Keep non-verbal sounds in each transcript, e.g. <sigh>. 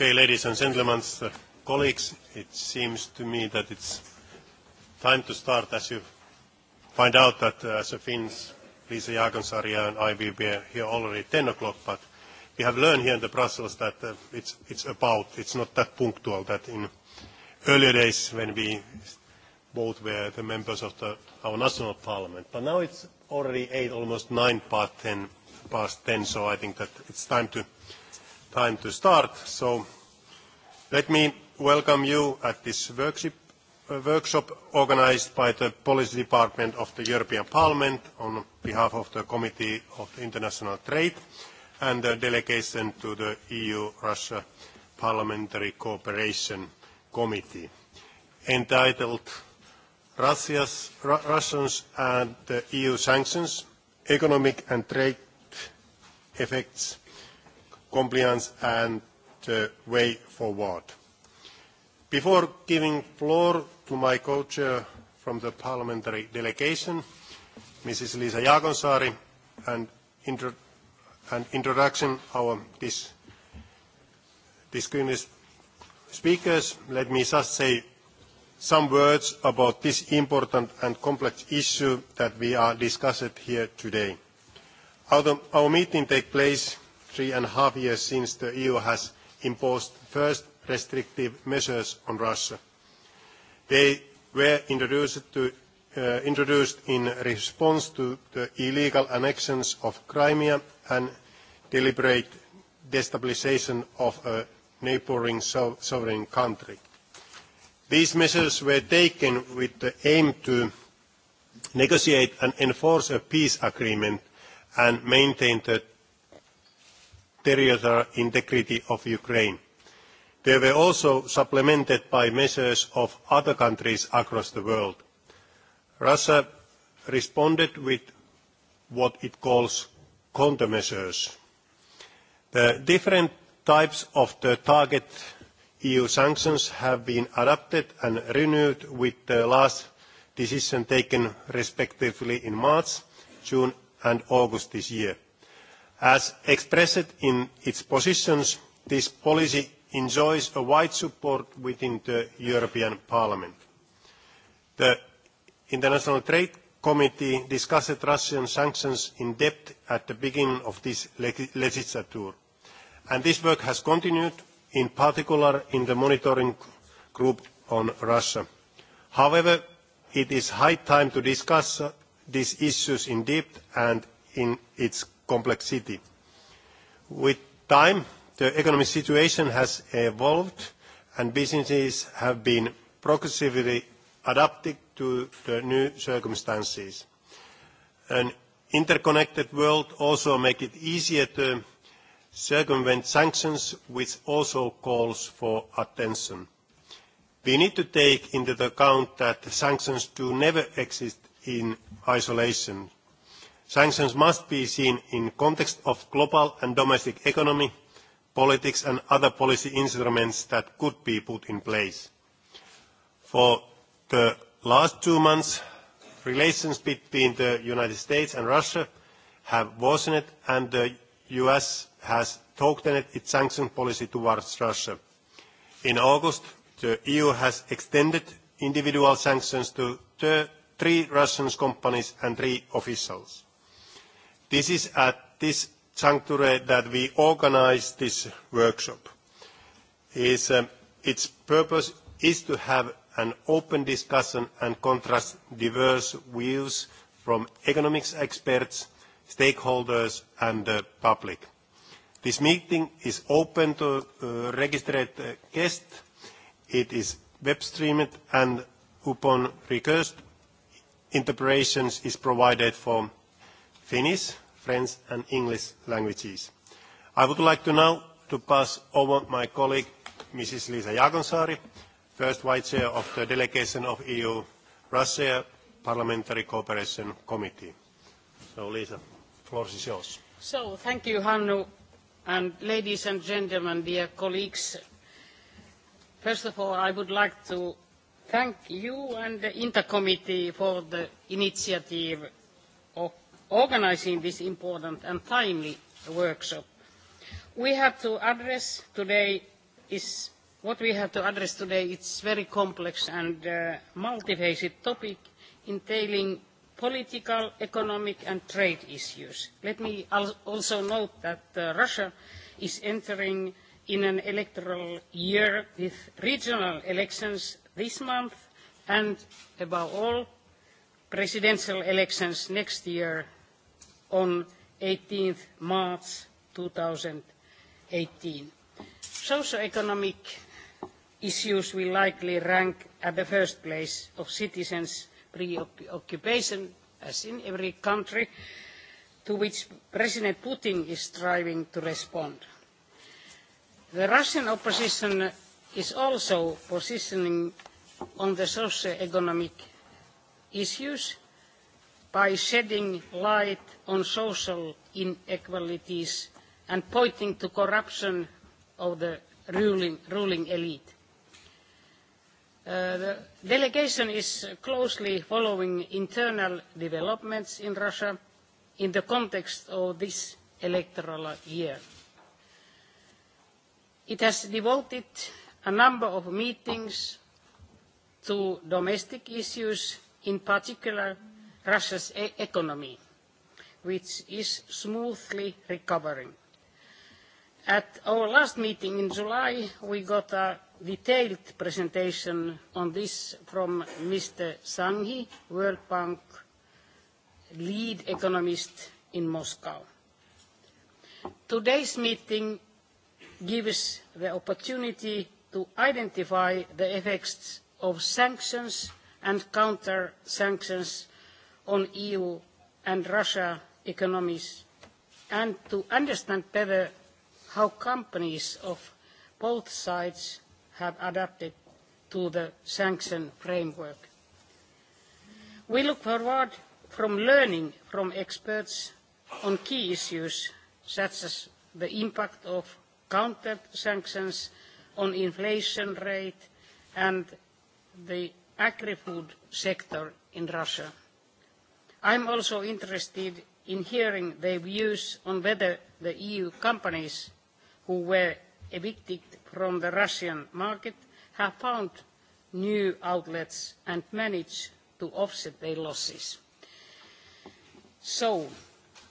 Okay, ladies and gentlemen, uh, colleagues, it seems to me that it's time to start as you find out that uh, as a Finns, Lisa Jaakonsaari and I will be here already 10 o'clock, but we have learned here in Brussels that uh, it's, it's about, it's not that punctual that in earlier days when we both were the members of our national parliament, but now it's already 8, almost 9 past 10, past 10, so I think that it's time to time to start. So let me welcome you at this workshop, uh, workshop organized by the Policy Department of the European Parliament on behalf of the Committee of International Trade and the delegation to the EU-Russia Parliamentary Cooperation Committee entitled Russia's, Ru Russians and the EU sanctions, economic and trade effects compliance and the uh, way forward. Before giving floor to my co-chair from the parliamentary delegation, Mrs. Liisa Jaakonsaari, and, introduction our distinguished speakers, let me just say some words about this important and complex issue that we are discussing here today. Our, our meeting takes place three and a half years since the EU has imposed first restrictive measures on Russia. They were introduced, to, uh, introduced in response to the illegal annexions of Crimea and deliberate destabilisation of a neighbouring so sovereign country. These measures were taken with the aim to negotiate and enforce a peace agreement and maintain the territorial integrity of Ukraine. They were also supplemented by measures of other countries across the world. Russia responded with what it calls countermeasures. The different types of the target EU sanctions have been adapted and renewed with the last decision taken respectively in March, June and August this year. As expressed in its positions, this policy enjoys a wide support within the European Parliament. The International Trade Committee discussed Russian sanctions in depth at the beginning of this legislature, and this work has continued, in particular in the monitoring group on Russia. However, it is high time to discuss uh, these issues in depth and in its complexity. With time, the economic situation has evolved, and businesses have been progressively adapted to the new circumstances. An interconnected world also makes it easier to circumvent sanctions, which also calls for attention. We need to take into account that sanctions do never exist in isolation. Sanctions must be seen in context of global and domestic economy, politics and other policy instruments that could be put in place. For the last two months, relations between the United States and Russia have worsened and the US has strengthened its sanction policy towards Russia. In August, the EU has extended individual sanctions to three Russian companies and three officials. This is at this juncture that we organise this workshop. Is, um, its purpose is to have an open discussion and contrast diverse views from economics experts, stakeholders and the public. This meeting is open to uh, registered uh, guests. It is web streamed and upon request, interpretations is provided for Finnish, French and English languages. I would like to now to pass over my colleague, Mrs. Lisa Jaakonsaari, first Vice Chair of the Delegation of EU-Russia Parliamentary Cooperation Committee. So, Lisa, floor is yours. So, thank you, Hannu, and ladies and gentlemen, dear colleagues. First of all, I would like to thank you and the Inter Committee for the initiative of organising this important and timely workshop. We have to address today is what we have to address today is very complex and uh, multifaceted topic entailing political, economic and trade issues. Let me al also note that uh, Russia is entering in an electoral year with regional elections this month and, above all, presidential elections next year on 18 March eighteen. Socio-economic issues will likely rank at the first place of citizens' preoccupation, as in every country, to which President Putin is striving to respond. The Russian opposition is also positioning on the socio-economic issues by shedding light on social inequalities and pointing to corruption of the ruling, ruling elite. Uh, the delegation is closely following internal developments in Russia in the context of this electoral year. It has devoted a number of meetings to domestic issues, in particular Russia's e-, economy, which is smoothly recovering. At our last meeting in July, we got a detailed presentation on this from Mr. Sanghi, World Bank lead economist in Moscow. Today's meeting gives the opportunity to identify the effects of sanctions and counter-sanctions on EU and Russia economies and to understand better how companies of both sides have adapted to the sanction framework. We look forward from learning from experts on key issues such as the impact of counter sanctions on inflation rate and the agri-food sector in Russia. I am also interested in hearing their views on whether the EU companies who were evicted from the Russian market have found new outlets and managed to offset their losses. So,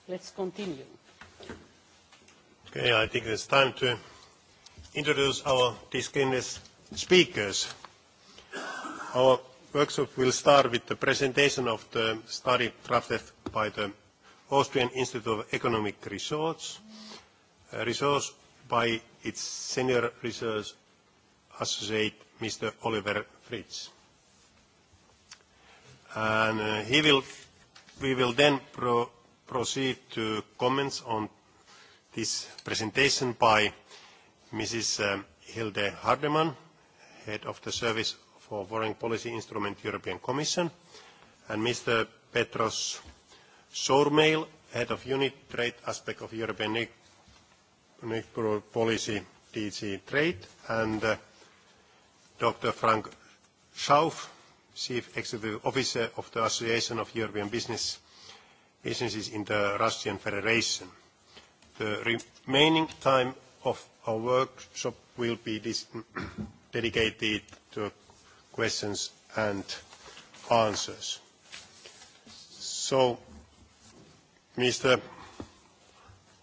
let's continue. Okay, I think it's time to introduce our distinguished speakers. Our workshop will start with the presentation of the study drafted by the Austrian Institute of Economic Research, research by its senior research associate, Mr. Oliver Fritz. And uh, he will, we will then pro proceed to comments on this presentation by Mrs. Um, Hilde Hardeman, head of the Service for Foreign Policy Instrument European Commission, and Mr. Petros Sourmail, Head of Unit Trade Aspect of European Neighbourhood Policy, DG Trade, and uh, Dr. Frank Schauf, Chief Executive Officer of the Association of European Business, Businesses in the Russian Federation. The remaining time of our workshop will be <clears throat> dedicated to questions and answers. So, Mr.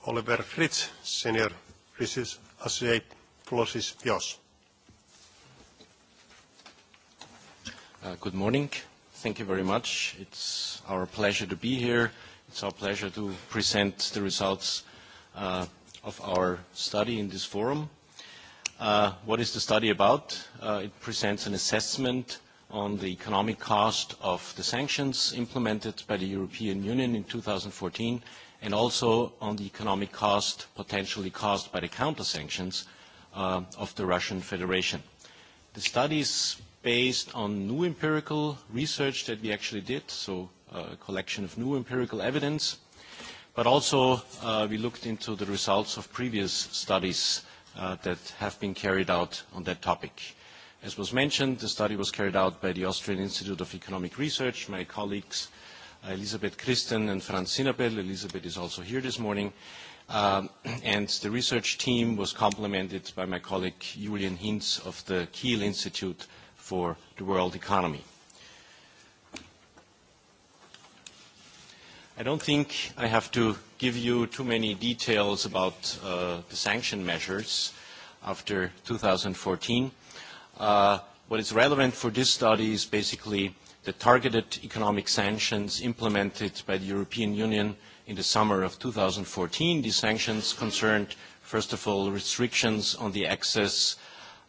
Oliver Fritz, Senior Research Associate, floor is yours. Uh, good morning. Thank you very much. It's our pleasure to be here. It's our pleasure to present the results uh, of our study in this forum. Uh, what is the study about? Uh, it presents an assessment on the economic cost of the sanctions implemented by the European Union in 2014 and also on the economic cost potentially caused by the counter-sanctions uh, of the Russian Federation. The study is based on new empirical research that we actually did, so uh, a collection of new empirical evidence, but also uh, we looked into the results of previous studies Uh, that have been carried out on that topic. As was mentioned, the study was carried out by the Austrian Institute of Economic Research, my colleagues uh, Elisabeth Christen and Franz Sinabel. Elisabeth is also here this morning. Um, <clears throat> and the research team was complemented by my colleague Julian Hinz of the Kiel Institute for the World Economy. I don't think I have to give you too many details about uh, the sanction measures after 2014. Uh, what is relevant for this study is basically the targeted economic sanctions implemented by the European Union in the summer of 2014. These sanctions concerned, first of all, restrictions on the access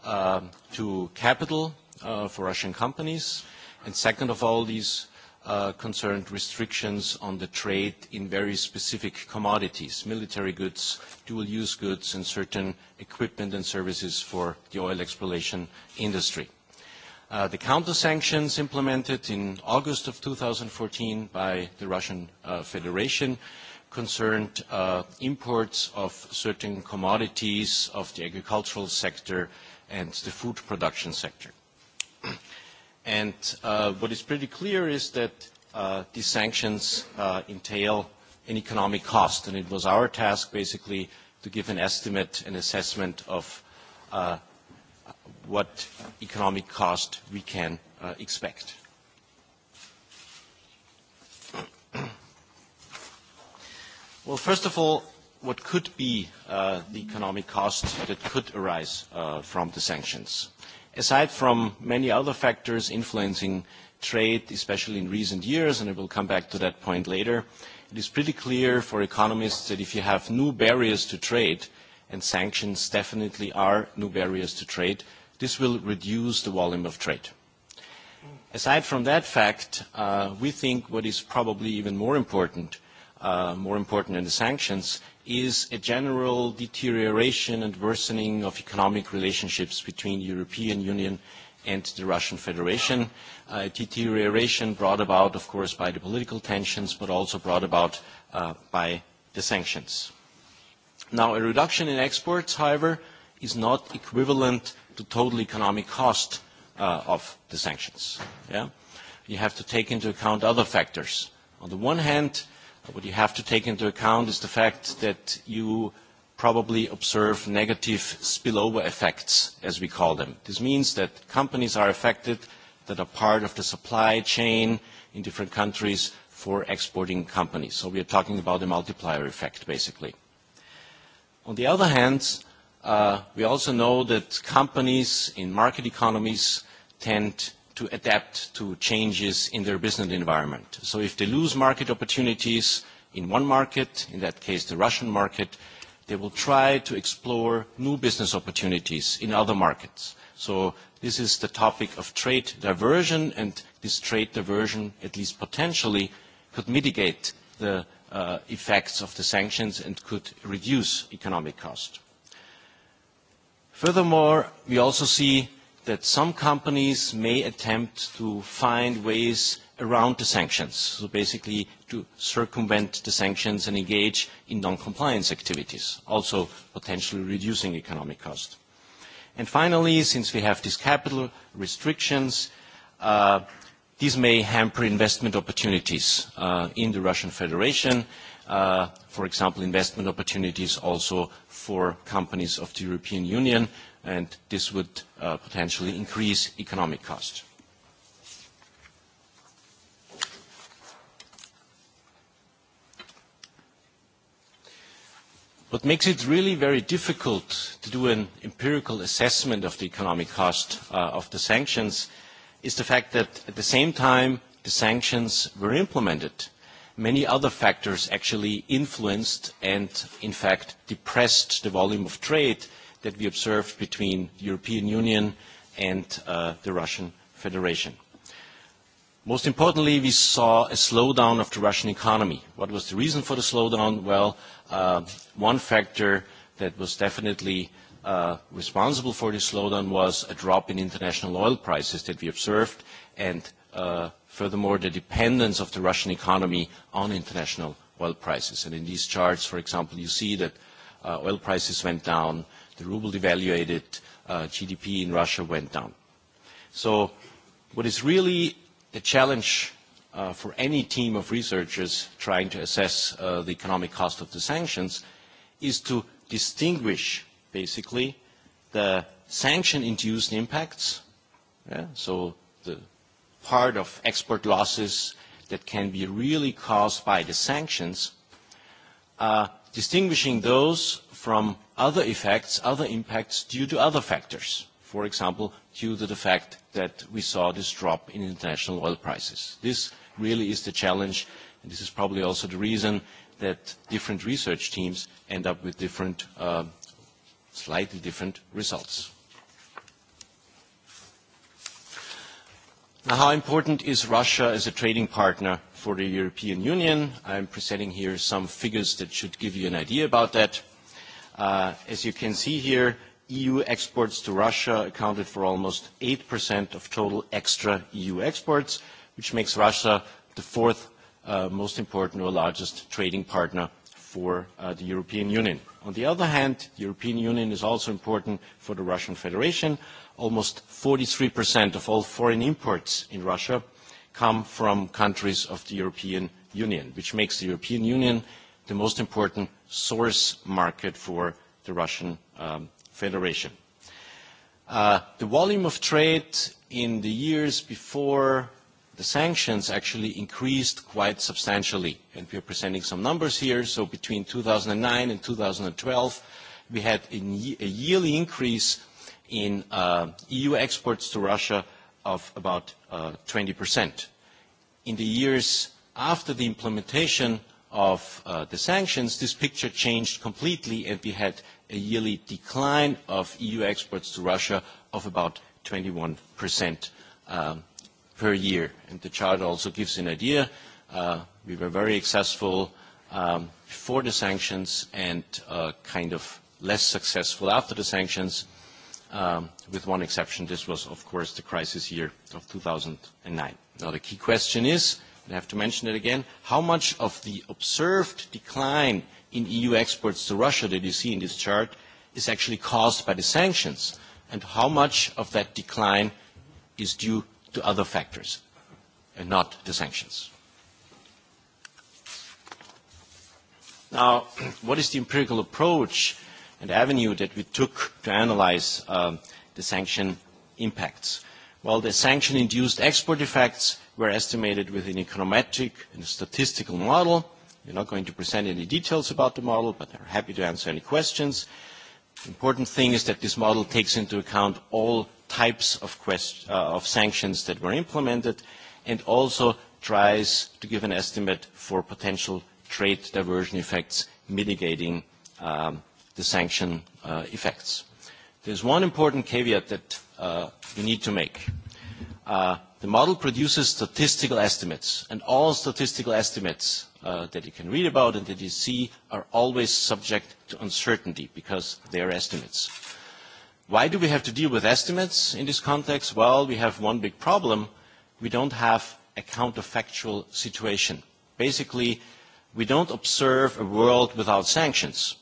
uh, to capital uh, for Russian companies, and second of all, these Uh, concerned restrictions on the trade in very specific commodities, military goods, dual-use goods, and certain equipment and services for the oil exploration industry. Uh, the counter-sanctions implemented in August of 2014 by the Russian uh, Federation concerned uh, imports of certain commodities of the agricultural sector and the food production sector. And uh, what is pretty clear is that uh, these sanctions uh, entail an economic cost, and it was our task basically to give an estimate, an assessment of uh, what economic cost we can uh, expect. <clears throat> well, first of all, what could be uh, the economic cost that could arise uh, from the sanctions? aside from many other factors influencing trade, especially in recent years, and I will come back to that point later, it is pretty clear for economists that if you have new barriers to trade, and sanctions definitely are new barriers to trade, this will reduce the volume of trade. Aside from that fact, uh, we think what is probably even more important uh, more important than the sanctions, is a general deterioration and worsening of economic relationships between the European Union and the Russian Federation, uh, a uh, deterioration brought about, of course, by the political tensions, but also brought about uh, by the sanctions. Now, a reduction in exports, however, is not equivalent to total economic cost uh, of the sanctions. Yeah? You have to take into account other factors. On the one hand, what you have to take into account is the fact that you probably observe negative spillover effects, as we call them. This means that companies are affected that are part of the supply chain in different countries for exporting companies. So we are talking about a multiplier effect, basically. On the other hand, uh, we also know that companies in market economies tend to adapt to changes in their business environment. So if they lose market opportunities in one market, in that case the Russian market, they will try to explore new business opportunities in other markets. So this is the topic of trade diversion, and this trade diversion, at least potentially, could mitigate the uh, effects of the sanctions and could reduce economic cost. Furthermore, we also see that some companies may attempt to find ways around the sanctions, so basically to circumvent the sanctions and engage in non-compliance activities, also potentially reducing economic cost. And finally, since we have these capital restrictions, uh, these may hamper investment opportunities uh, in the Russian Federation, uh, for example, investment opportunities also for companies of the European Union, and this would uh, potentially increase economic cost. What makes it really very difficult to do an empirical assessment of the economic cost uh, of the sanctions is the fact that at the same time the sanctions were implemented, many other factors actually influenced and in fact depressed the volume of trade that we observed between the European Union and uh, the Russian Federation. Most importantly, we saw a slowdown of the Russian economy. What was the reason for the slowdown? Well, uh, one factor that was definitely uh, responsible for this slowdown was a drop in international oil prices that we observed, and uh, furthermore, the dependence of the Russian economy on international oil prices. And in these charts, for example, you see that uh, oil prices went down the ruble devaluated, uh, GDP in Russia went down. So what is really the challenge uh, for any team of researchers trying to assess uh, the economic cost of the sanctions is to distinguish basically the sanction-induced impacts, yeah, so the part of export losses that can be really caused by the sanctions, uh, distinguishing those from other effects, other impacts due to other factors. For example, due to the fact that we saw this drop in international oil prices. This really is the challenge, and this is probably also the reason that different research teams end up with different, uh, slightly different results. Now, how important is Russia as a trading partner for the European Union? I'm presenting here some figures that should give you an idea about that. Uh, as you can see here, EU exports to Russia accounted for almost 8% of total extra EU exports, which makes Russia the fourth uh, most important or largest trading partner for uh, the European Union. On the other hand, the European Union is also important for the Russian Federation. Almost 43% of all foreign imports in Russia come from countries of the European Union, which makes the European Union the most important source market for the Russian um, Federation. Uh, the volume of trade in the years before the sanctions actually increased quite substantially, and we are presenting some numbers here. So between 2009 and 2012, we had a, ye a yearly increase in uh, EU exports to Russia of about uh, 20%. In the years after the implementation of uh, the sanctions, this picture changed completely, and we had a yearly decline of EU exports to Russia of about 21% um, per year. And the chart also gives an idea. Uh, we were very successful um, before the sanctions and uh, kind of less successful after the sanctions, um, with one exception. This was, of course, the crisis year of 2009. Now, the key question is, i have to mention it again, how much of the observed decline in EU exports to Russia that you see in this chart is actually caused by the sanctions, and how much of that decline is due to other factors and not the sanctions. Now, <clears throat> what is the empirical approach and avenue that we took to analyze um, the sanction impacts? while the sanction-induced export effects were estimated with an econometric and statistical model. We're not going to present any details about the model, but I'm happy to answer any questions. The important thing is that this model takes into account all types of, quest uh, of sanctions that were implemented and also tries to give an estimate for potential trade diversion effects mitigating um, the sanction uh, effects. There's one important caveat that Uh, you need to make. Uh, the model produces statistical estimates, and all statistical estimates uh, that you can read about and that you see are always subject to uncertainty because they are estimates. Why do we have to deal with estimates in this context? Well, we have one big problem. We don't have a counterfactual situation. Basically, we don't observe a world without sanctions.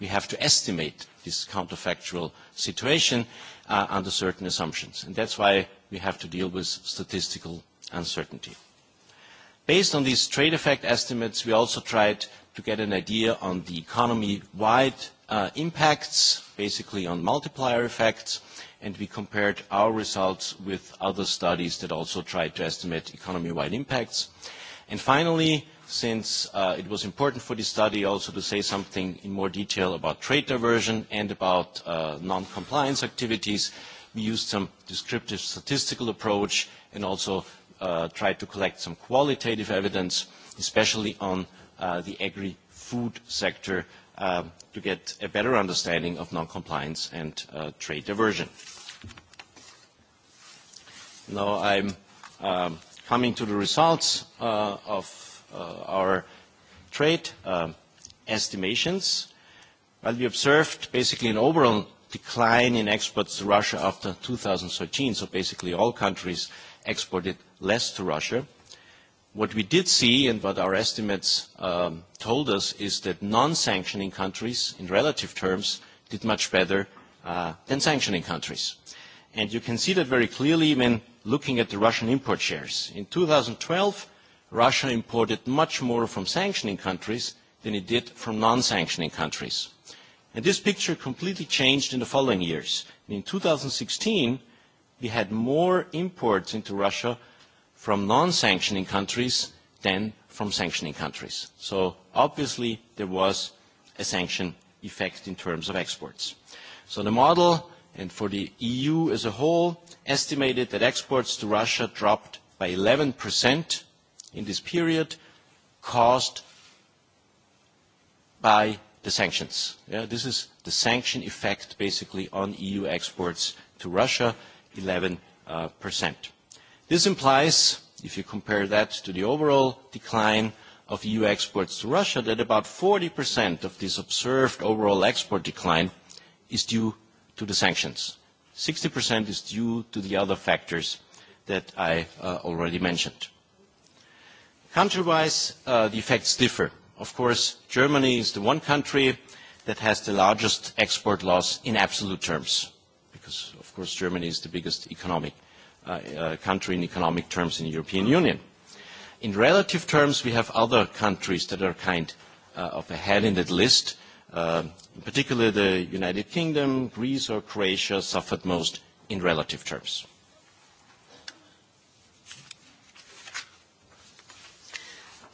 We have to estimate this counterfactual situation, uh, under certain assumptions. And that's why we have to deal with statistical uncertainty. Based on these trade effect estimates, we also tried to get an idea on the economy-wide uh, impacts, basically on multiplier effects, and we compared our results with other studies that also tried to estimate economy-wide impacts. And finally, since uh, it was important for this study also to say something in more detail about trade diversion and about uh, non-compliance activities. We used some descriptive statistical approach and also uh, tried to collect some qualitative evidence, especially on uh, the agri-food sector, uh, to get a better understanding of non-compliance and uh, trade diversion. Now I'm um, coming to the results uh, of Uh, our trade um, estimations. Well, we observed basically an overall decline in exports to Russia after 2013, so basically all countries exported less to Russia. What we did see and what our estimates um, told us is that non-sanctioning countries, in relative terms, did much better uh, than sanctioning countries. And you can see that very clearly when looking at the Russian import shares. In 2012, Russia imported much more from sanctioning countries than it did from non-sanctioning countries. And this picture completely changed in the following years. In 2016, we had more imports into Russia from non-sanctioning countries than from sanctioning countries. So obviously there was a sanction effect in terms of exports. So the model, and for the EU as a whole, estimated that exports to Russia dropped by 11% in this period caused by the sanctions. Yeah, this is the sanction effect basically on EU exports to Russia, 11%. Uh, This implies, if you compare that to the overall decline of EU exports to Russia, that about 40% of this observed overall export decline is due to the sanctions. 60% is due to the other factors that I uh, already mentioned. Country-wise, uh, the effects differ. Of course, Germany is the one country that has the largest export loss in absolute terms, because, of course, Germany is the biggest economic uh, uh, country in economic terms in the European Union. In relative terms, we have other countries that are kind uh, of ahead in that list. Uh, in particular, the United Kingdom, Greece, or Croatia suffered most in relative terms.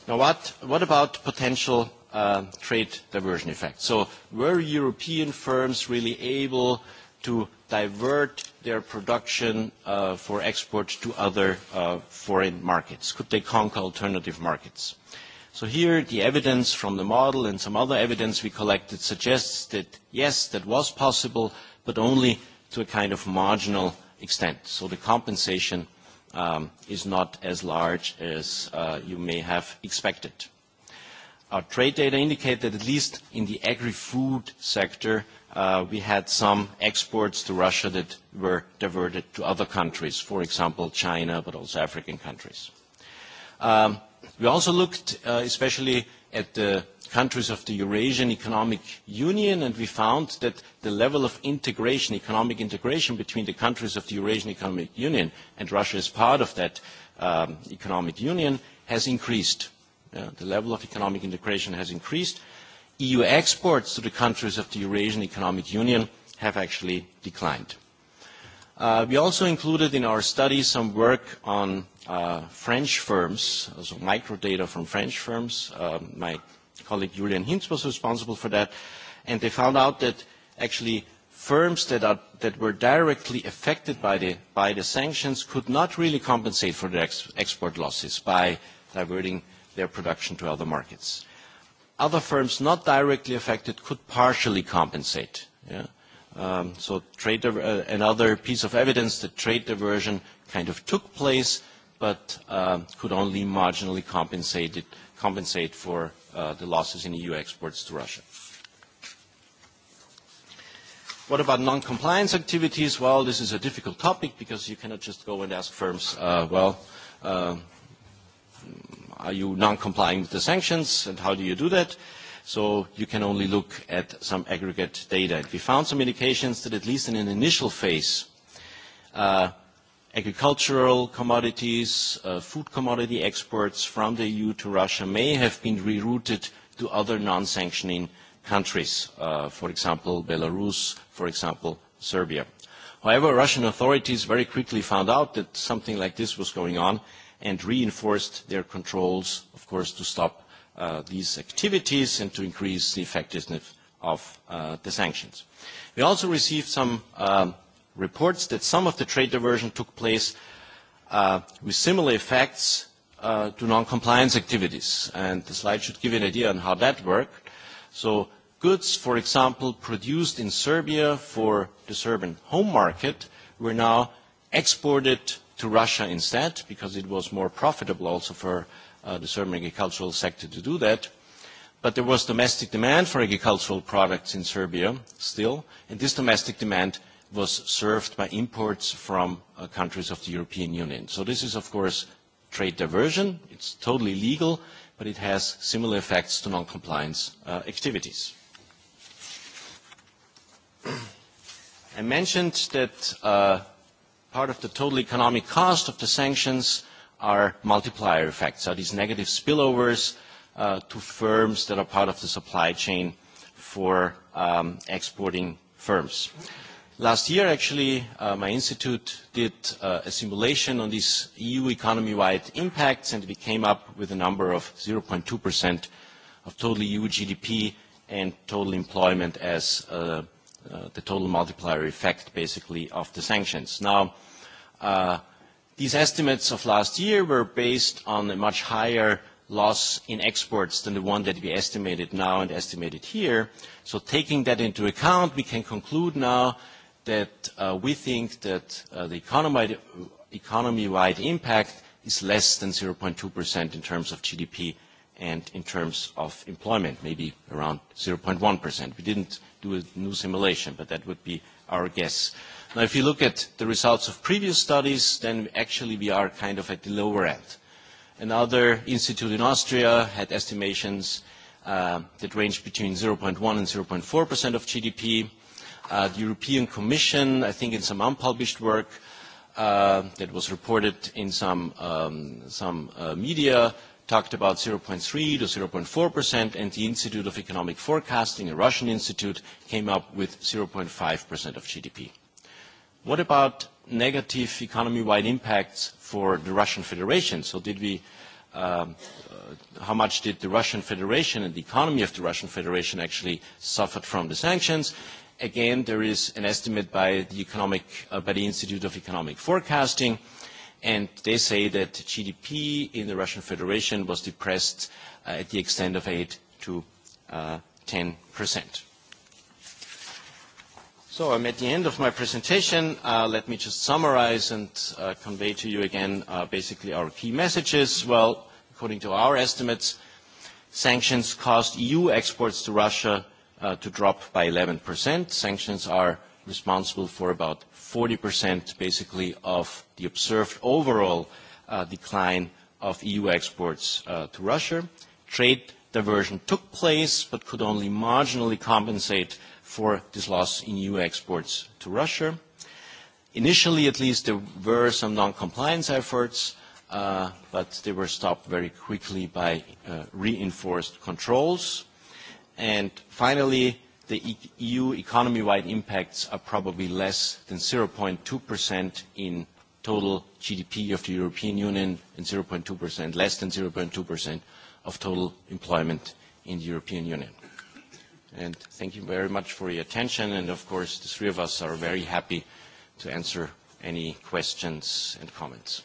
Now, what, what about potential uh, trade diversion effects? So were European firms really able to divert their production uh, for export to other uh, foreign markets? Could they conquer alternative markets? So here, the evidence from the model and some other evidence we collected suggests that, yes, that was possible, but only to a kind of marginal extent. So the compensation um, is not as large as uh, you may have expected. Our trade data indicate that at least in the agri-food sector, uh, we had some exports to Russia that were diverted to other countries, for example, China, but also African countries. Um, we also looked uh, especially at the countries of the Eurasian Economic Union, and we found that the level of integration, economic integration between the countries of the Eurasian Economic Union, and Russia is part of that um, economic union, has increased. Yeah, uh, the level of economic integration has increased. EU exports to the countries of the Eurasian Economic Union have actually declined. Uh, we also included in our study some work on uh, French firms, also microdata from French firms. Um, my colleague Julian Hintz was responsible for that, and they found out that actually firms that, are, that were directly affected by the, by the sanctions could not really compensate for their ex export losses by diverting their production to other markets. Other firms not directly affected could partially compensate. Yeah? Um, so trade, uh, another piece of evidence that trade diversion kind of took place, but uh, could only marginally compensate, it, compensate for Uh, the losses in EU exports to Russia. What about non-compliance activities? Well, this is a difficult topic because you cannot just go and ask firms, uh, well, uh, are you non-complying with the sanctions and how do you do that? So you can only look at some aggregate data. We found some indications that at least in an initial phase, uh, agricultural commodities, uh, food commodity exports from the EU to Russia may have been rerouted to other non-sanctioning countries, uh, for example, Belarus, for example, Serbia. However, Russian authorities very quickly found out that something like this was going on and reinforced their controls, of course, to stop uh, these activities and to increase the effectiveness of uh, the sanctions. We also received some uh, reports that some of the trade diversion took place uh, with similar effects uh, to non-compliance activities. And the slide should give you an idea on how that worked. So goods, for example, produced in Serbia for the Serbian home market were now exported to Russia instead because it was more profitable also for uh, the Serbian agricultural sector to do that. But there was domestic demand for agricultural products in Serbia still, and this domestic demand was served by imports from uh, countries of the European Union. So this is, of course, trade diversion. It's totally legal, but it has similar effects to non-compliance uh, activities. I mentioned that uh, part of the total economic cost of the sanctions are multiplier effects, are these negative spillovers uh, to firms that are part of the supply chain for um, exporting firms. Last year, actually, uh, my institute did uh, a simulation on these EU economy-wide impacts, and we came up with a number of 0.2% of total EU GDP and total employment as uh, uh, the total multiplier effect, basically, of the sanctions. Now, uh, these estimates of last year were based on a much higher loss in exports than the one that we estimated now and estimated here. So taking that into account, we can conclude now that uh, we think that uh, the economy-wide impact is less than 0.2% in terms of GDP and in terms of employment, maybe around 0.1%. We didn't do a new simulation, but that would be our guess. Now, if you look at the results of previous studies, then actually we are kind of at the lower end. Another institute in Austria had estimations uh, that range between 0.1 and 0.4% of GDP uh, the European Commission, I think in some unpublished work uh, that was reported in some, um, some uh, media, talked about 0.3 to 0.4%, and the Institute of Economic Forecasting, a Russian institute, came up with 0.5% of GDP. What about negative economy-wide impacts for the Russian Federation? So did we, um, uh, how much did the Russian Federation and the economy of the Russian Federation actually suffer from the sanctions? again, there is an estimate by the, economic, uh, by the Institute of Economic Forecasting, and they say that GDP in the Russian Federation was depressed uh, at the extent of 8 to uh, 10%. So I'm at the end of my presentation. Uh, let me just summarize and uh, convey to you again uh, basically our key messages. Well, according to our estimates, sanctions cost EU exports to Russia Uh, to drop by 11%. Sanctions are responsible for about 40% basically of the observed overall uh, decline of EU exports uh, to Russia. Trade diversion took place but could only marginally compensate for this loss in EU exports to Russia. Initially, at least, there were some non-compliance efforts, but they were stopped very quickly by reinforced controls. And finally, the EU e economy-wide impacts are probably less than 0.2% in total GDP of the European Union and 0.2%, less than 0.2% of total employment in the European Union. thank you very much for your attention. And of course, the three of us are very happy to answer any questions and comments.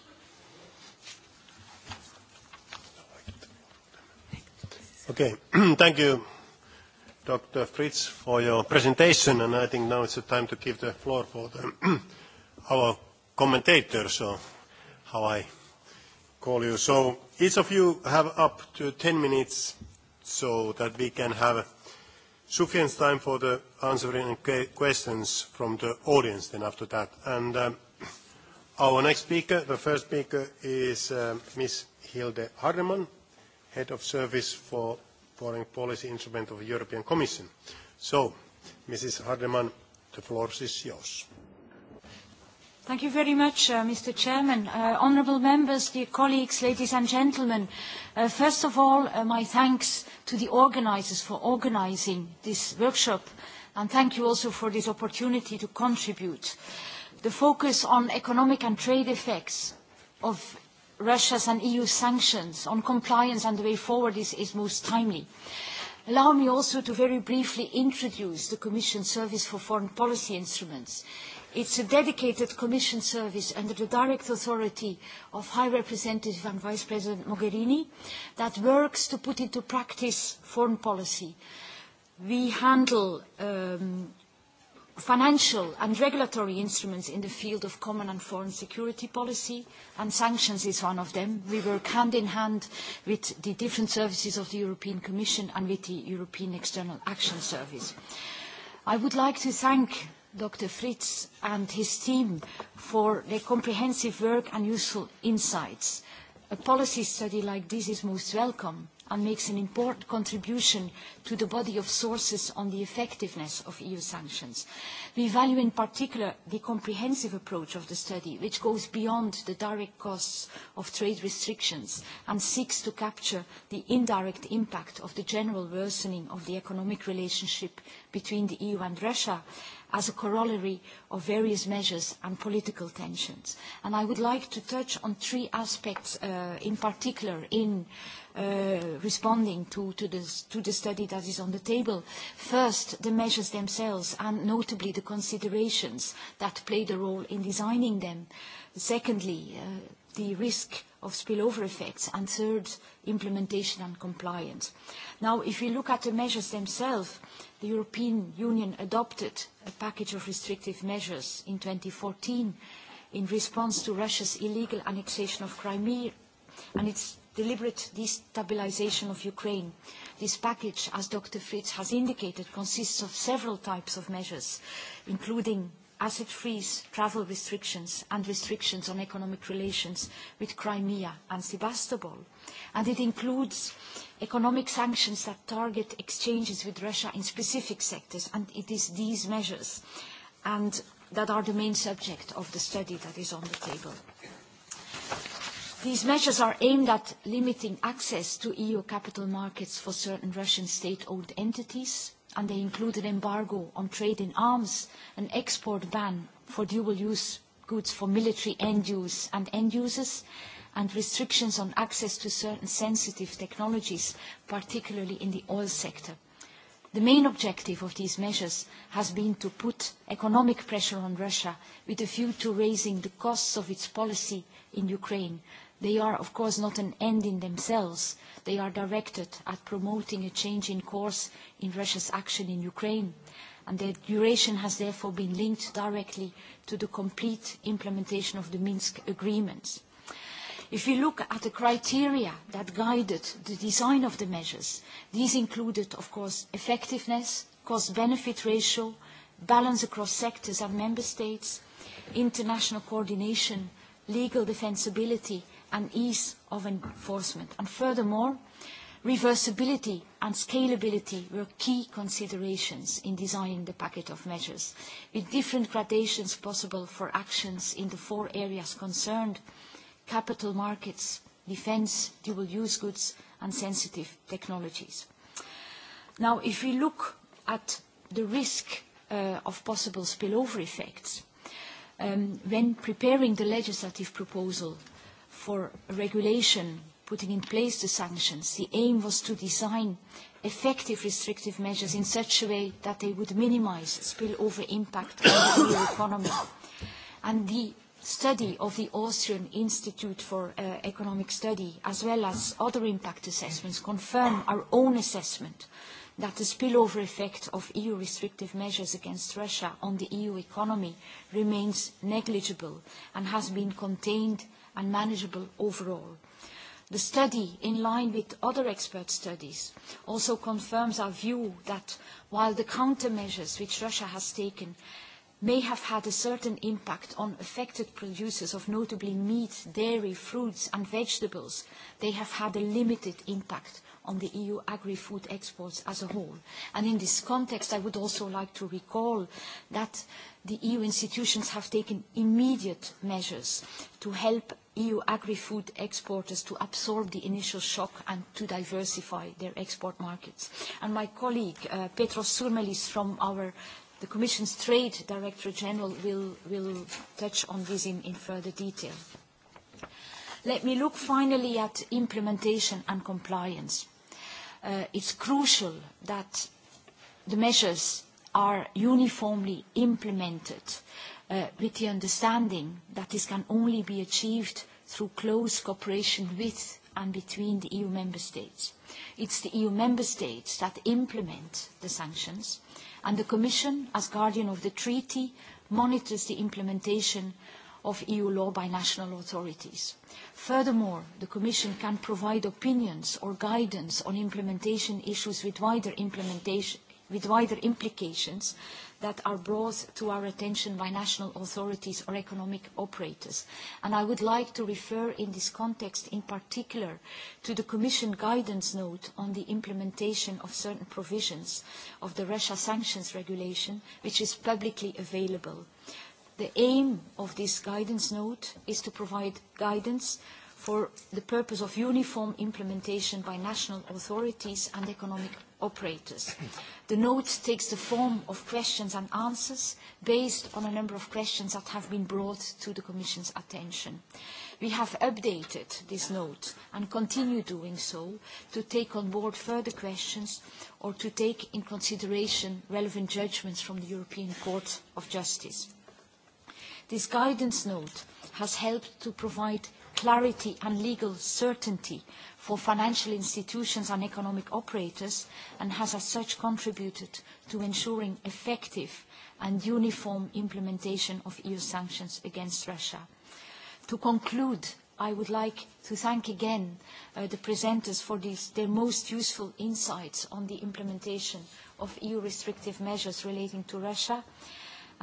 Okay. <clears throat> thank you. Dr. Fritz, for your presentation, and I think now it's the time to give the floor for the, <clears throat> our commentators, so how I call you. So each of you have up to 10 minutes so that we can have sufficient time for the answering questions from the audience then after that. And um, our next speaker, the first speaker, is uh, Ms. Hilde Hardeman, Head of Service for foreign policy instrument of the European Commission. So, Mrs. Hardeman, the floor is yours. Thank you very much, uh, Mr. Chairman. Uh, honorable members, dear colleagues, ladies and gentlemen, uh, first of all, uh, my thanks to the organizers for organizing this workshop, and thank you also for this opportunity to contribute. The focus on economic and trade effects of Russia's and EU sanctions on compliance and the way forward is, is most timely. Allow me also to very briefly introduce the Commission Service for Foreign Policy Instruments. It's a dedicated Commission service under the direct authority of High Representative and Vice President Mogherini that works to put into practice foreign policy. We handle um, financial and regulatory instruments in the field of common and foreign security policy, and sanctions is one of them. We work hand in hand with the different services of the European Commission and with the European External Action Service. I would like to thank Dr. Fritz and his team for their comprehensive work and useful insights. A policy study like this is most welcome and makes an important contribution to the body of sources on the effectiveness of EU sanctions. We value in particular the comprehensive approach of the study, which goes beyond the direct costs of trade restrictions and seeks to capture the indirect impact of the general worsening of the economic relationship between the EU and Russia as a corollary of various measures and political tensions. And I would like to touch on three aspects uh, in particular in uh, uh, responding to, to, this, to the study that is on the table. First, the measures themselves, and notably the considerations that played a role in designing them. Secondly, uh, the risk of spillover effects, and third, implementation and compliance. Now, if we look at the measures themselves, the European Union adopted a package of restrictive measures in 2014 in response to Russia's illegal annexation of Crimea, and it's deliberate destabilization of Ukraine. This package, as Dr. Fritz has indicated, consists of several types of measures, including asset freeze, travel restrictions, and restrictions on economic relations with Crimea and Sebastopol. And it includes economic sanctions that target exchanges with Russia in specific sectors, and it is these measures and that are the main subject of the study that is on the table. These measures are aimed at limiting access to EU capital markets for certain Russian state-owned entities, and they include an embargo on trade in arms, an export ban for dual-use goods for military end use and end users, and restrictions on access to certain sensitive technologies, particularly in the oil sector. The main objective of these measures has been to put economic pressure on Russia with a view to raising the costs of its policy in Ukraine They are, of course, not an end in themselves. They are directed at promoting a change in course in Russia's action in Ukraine, and their duration has therefore been linked directly to the complete implementation of the Minsk agreements. If you look at the criteria that guided the design of the measures, these included, of course, effectiveness, cost-benefit ratio, balance across sectors and member states, international coordination, legal defensibility, and ease of enforcement. furthermore, reversibility and scalability were key considerations in designing the packet of measures, with different gradations possible for actions in the four areas concerned, capital markets, defence, dual-use goods, and sensitive technologies. Now, if we look at the risk uh, of possible spillover effects, um, when preparing the legislative proposal for regulation putting in place the sanctions, the aim was to design effective restrictive measures in such a way that they would minimize spillover impact on the EU <coughs> economy. And the study of the Austrian Institute for uh, Economic Study, as well as other impact assessments, confirm our own assessment that the spillover effect of EU restrictive measures against Russia on the EU economy remains negligible and has been contained and manageable overall. The study, in line with other expert studies, also confirms our view that while the countermeasures which Russia has taken may have had a certain impact on affected producers of notably meat, dairy, fruits and vegetables, they have had a limited impact on the EU agri-food exports as a whole. And in this context, I would also like to recall that the EU institutions have taken immediate measures to help EU agri-food exporters to absorb the initial shock and to diversify their export markets. And my colleague, uh, Petros Surmelis from our the Commission's Trade Director General will, will touch on this in, in further detail. Let me look finally at implementation and compliance uh, it's crucial that the measures are uniformly implemented uh, with the understanding that this can only be achieved through close cooperation with and between the EU member states. It's the EU member states that implement the sanctions, and the Commission, as guardian of the treaty, monitors the implementation of EU law by national authorities. Furthermore, the Commission can provide opinions or guidance on implementation issues with wider, implementation, with wider implications that are brought to our attention by national authorities or economic operators. And I would like to refer in this context in particular to the Commission guidance note on the implementation of certain provisions of the Russia sanctions regulation, which is publicly available. The aim of this guidance note is to provide guidance for the purpose of uniform implementation by national authorities and economic operators. The note takes the form of questions and answers based on a number of questions that have been brought to the Commission's attention. We have updated this note and continue doing so to take on board further questions or to take in consideration relevant judgments from the European Court of Justice. This guidance note has helped to provide clarity and legal certainty for financial institutions and economic operators and has as such contributed to ensuring effective and uniform implementation of EU sanctions against Russia. To conclude, I would like to thank again uh, the presenters for these, their most useful insights on the implementation of EU restrictive measures relating to Russia.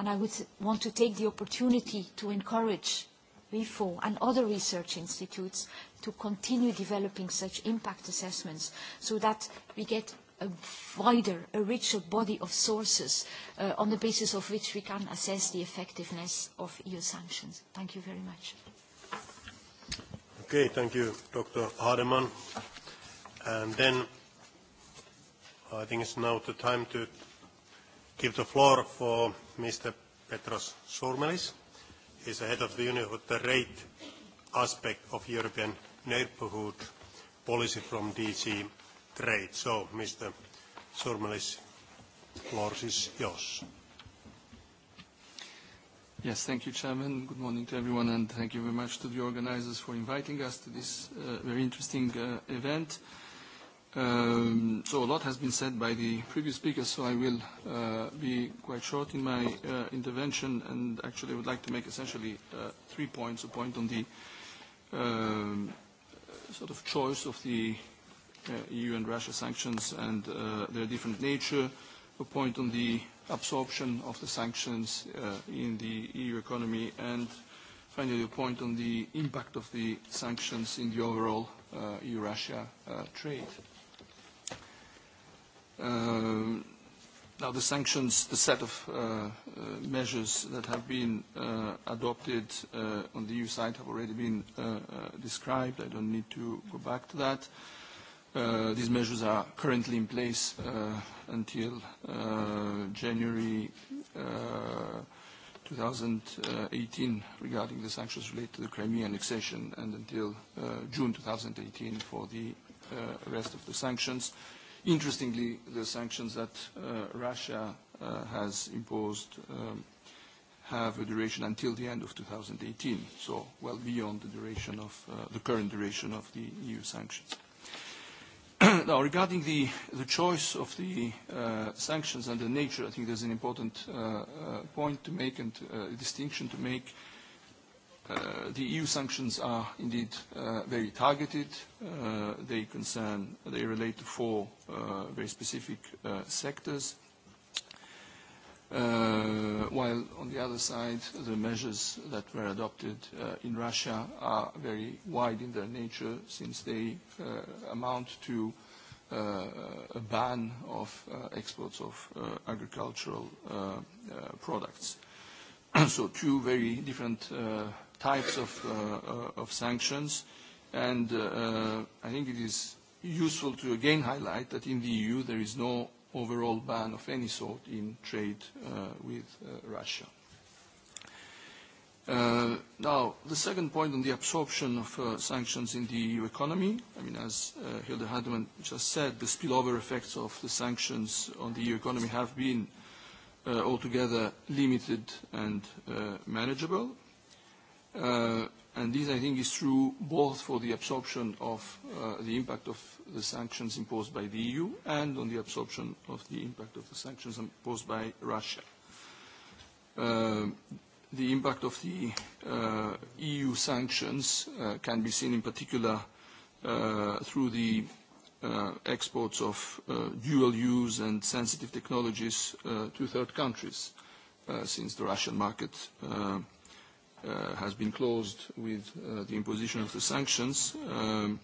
And I would want to take the opportunity to encourage WIFO and other research institutes to continue developing such impact assessments so that we get a wider, a richer body of sources uh, on the basis of which we can assess the effectiveness of EU sanctions. Thank you very much. Okay, thank you, Dr. Hardeman. And then I think it's now the time to give the floor for Mr. Petros Sourmelis. He's the head of the unit of the rate aspect of European neighborhood policy from DG Trade. So, Mr. Sourmelis, floor is yours. Yes, thank you, Chairman. Good morning to everyone, and thank you very much to the organizers for inviting us to this uh, very interesting uh, event. Um, so a lot has been said by the previous speakers, so I will uh, be quite short in my uh, intervention, and actually I would like to make essentially uh, three points, a point on the um, sort of choice of the uh, EU and Russia sanctions and uh, their different nature, a point on the absorption of the sanctions uh, in the EU economy, and finally a point on the impact of the sanctions in the overall uh, EU-Russia uh, trade. Um, now, the sanctions, the set of uh, uh, measures that have been uh, adopted uh, on the EU side have already been uh, uh, described. I don't need to go back to that. Uh, these measures are currently in place uh, until uh, January uh, 2018 regarding the sanctions related to the Crimea annexation and until uh, June 2018 for the uh, rest of the sanctions. Uh, Interestingly, the sanctions that uh, Russia uh, has imposed um, have a duration until the end of 2018, so well beyond the duration of uh, the current duration of the EU sanctions. <clears throat> now, regarding the, the choice of the uh, sanctions and the nature, I think there's an important uh, uh, point to make and uh, distinction to make uh, Uh, the EU sanctions are indeed uh, very targeted. Uh, they concern, they relate to four uh, very specific uh, sectors. Uh, while on the other side, the measures that were adopted uh, in Russia are very wide in their nature since they uh, amount to uh, a ban of uh, exports of uh, agricultural uh, uh, products. <clears throat> so two very different uh, types of, uh, uh, of sanctions. And uh, uh, I think it is useful to again highlight that in the EU there is no overall ban of any sort in trade uh, with uh, Russia. Uh, now, the second point on the absorption of uh, sanctions in the EU economy, I mean, as uh, Hilde Hardeman just said, the spillover effects of the sanctions on the EU economy have been uh, altogether limited and uh, manageable. Uh, and this, I think, is true both for the absorption of uh, the impact of the sanctions imposed by the EU and on the absorption of the impact of the sanctions imposed by Russia. Uh, the impact of the EU sanctions can be seen in particular through the exports of dual use and sensitive technologies to third countries, since the Russian market Uh, has been closed with uh, the imposition of the sanctions, um,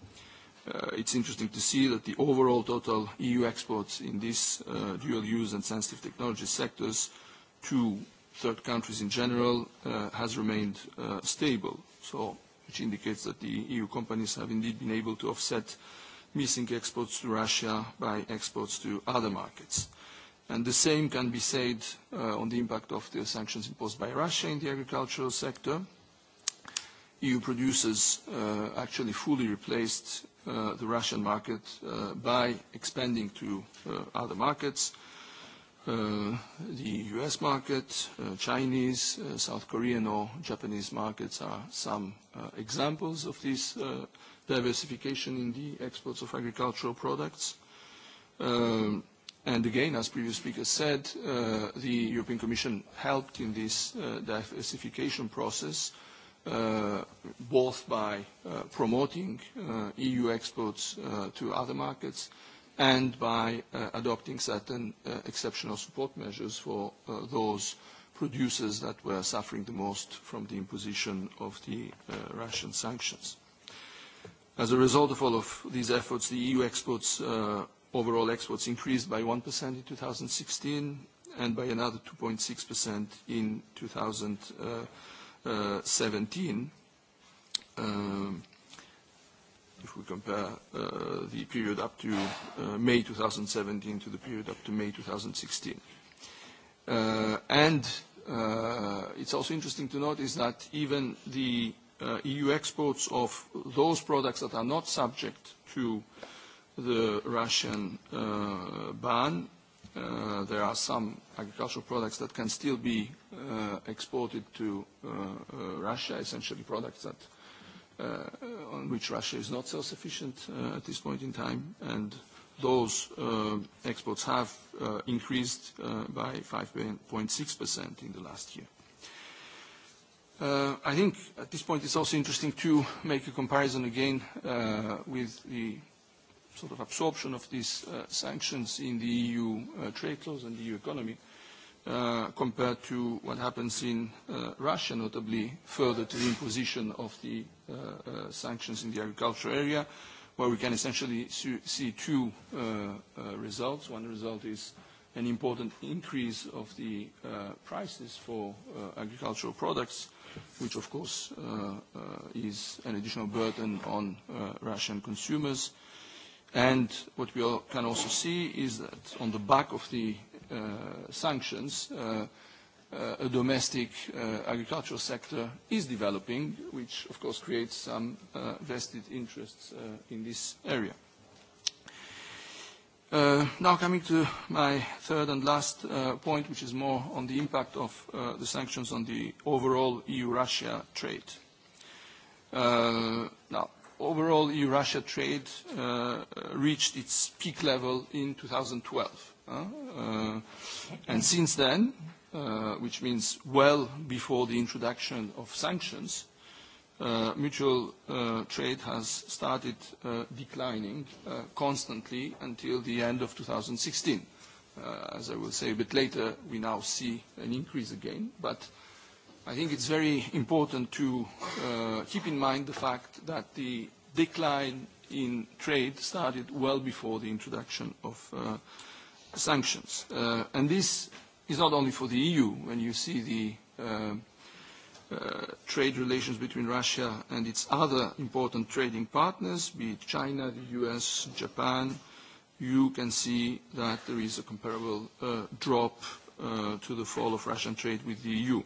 uh, it's interesting to see that the overall total EU exports in these uh, dual-use and sensitive technology sectors to third countries in general uh, has remained uh, stable, so which indicates that the EU companies have indeed been able to offset missing exports to Russia by exports to other markets. And the same can be said uh, on the impact of the sanctions imposed by Russia in the agricultural sector. EU producers uh, actually fully replaced uh, the Russian market uh, by expanding to uh, other markets, uh, the US market, uh, Chinese, uh, South Korean or Japanese markets are some uh, examples of this uh, diversification in the exports of agricultural products. Um, And again, as previous speakers said, uh, the European Commission helped in this uh, diversification process, uh, both by promoting EU exports to other markets and by adopting certain exceptional support measures for those producers that were suffering the most from the imposition of the Russian sanctions. As a result of all of these efforts, the EU exports overall exports increased by 1% in 2016 and by another 2.6% in 2017. Um, if we compare uh, the period up to uh, May 2017 to the period up to May 2016. Uh, and it's also interesting to notice that even the EU exports of those products that are not subject to the Russian uh, ban. Uh, there are some agricultural products that can still be uh, exported to uh, uh, Russia, essentially products that, uh, on which Russia is not self-sufficient uh, at this point in time. And those uh, exports have uh, increased uh, by 5.6% in the last year. Uh, I think at this point it's also interesting to make a comparison again uh, with the sort of absorption of these uh, sanctions in the EU uh, trade flows and the EU economy uh, compared to what happens in uh, Russia, notably further to the imposition of the uh, uh, sanctions in the agriculture area, where we can essentially see two uh, uh, results. One result is an important increase of the uh, prices for uh, agricultural products, which of course uh, uh, is an additional burden on uh, Russian consumers. Uh, And what we all can also see is that on the back of the uh, sanctions, uh, uh, a domestic uh, agricultural sector is developing, which of course creates some uh, vested interests uh, in this area. Uh, now coming to my third and last uh, point, which is more on the impact of uh, the sanctions on the overall EU-Russia trade. Uh, now, overall EU-Russia trade uh, reached its peak level in 2012. Uh, uh, and since then, uh, which means well before the introduction of sanctions, uh, mutual uh, trade has started uh, declining uh, constantly until the end of 2016. Uh, as I will say a bit later, we now see an increase again, but uh, i think it's very important to uh, keep in mind the fact that the decline in trade started well before the introduction of uh, sanctions. Uh, and this is not only for the EU. When you see the uh, uh, trade relations between Russia and its other important trading partners, be it China, the US, Japan, you can see that there is a comparable uh, drop uh, to the fall of Russian trade with the EU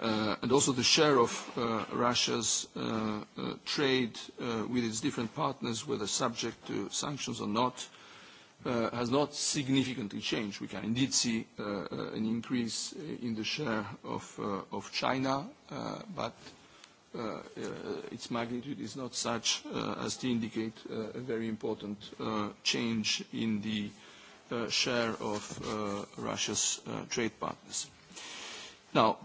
uh, and also the share of uh, Russia's uh, uh, trade uh, with its different partners, whether subject to sanctions or not, uh, has not significantly changed. We can indeed see uh, uh, an increase in the share of, uh, of China, uh, but uh, uh, its magnitude is not such uh, as to indicate uh, a very important uh, change in the uh, share of uh, Russia's uh, trade partners. Now,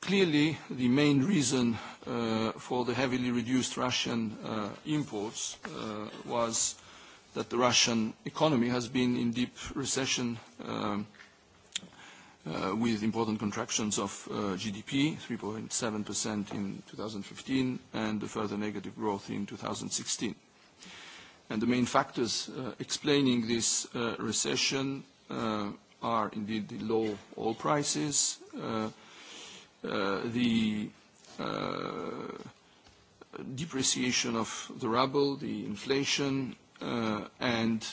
Clearly, the main reason uh, for the heavily reduced Russian uh, imports uh, was that the Russian economy has been in deep recession um, uh, with important contractions of uh, GDP, 3.7% in 2015 and a further negative growth in 2016. And the main factors uh, explaining this uh, recession uh, are indeed the low oil prices, uh, Uh, the uh, depreciation of the ruble, the inflation, uh, and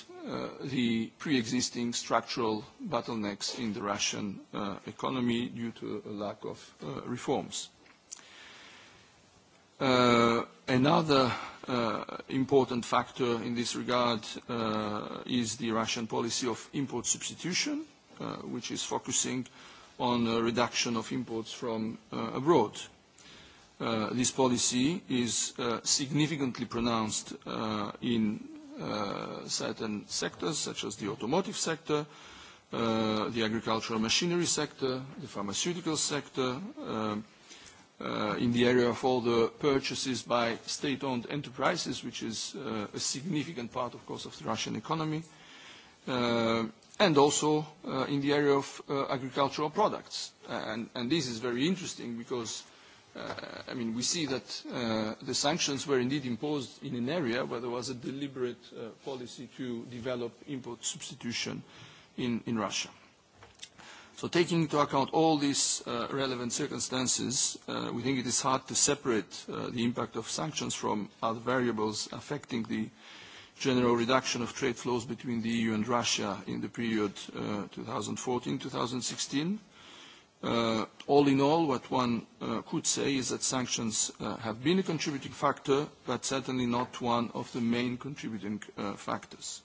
the pre-existing structural bottlenecks in the Russian economy due to a lack of reforms. another important factor in this regard is the Russian policy of import substitution, which is focusing on a reduction of imports from uh, abroad. Uh, this policy is uh, significantly pronounced uh, in uh, certain sectors, such as the automotive sector, uh, the agricultural machinery sector, the pharmaceutical sector, uh, uh, in the area of all the purchases by state-owned enterprises, which is uh, a significant part, of course, of the Russian economy, uh, and also uh, in the area of uh, agricultural products. And, and this is very interesting because, uh, I mean, we see that uh, the sanctions were indeed imposed in an area where there was a deliberate uh, policy to develop import substitution in, in Russia. So taking into account all these uh, relevant circumstances, uh, we think it is hard to separate uh, the impact of sanctions from other variables affecting the uh, general reduction of trade flows between the EU and Russia in the period uh, 2014-2016. Uh, all in all, what one uh, could say is that sanctions uh, have been a contributing factor, but certainly not one of the main contributing uh, factors.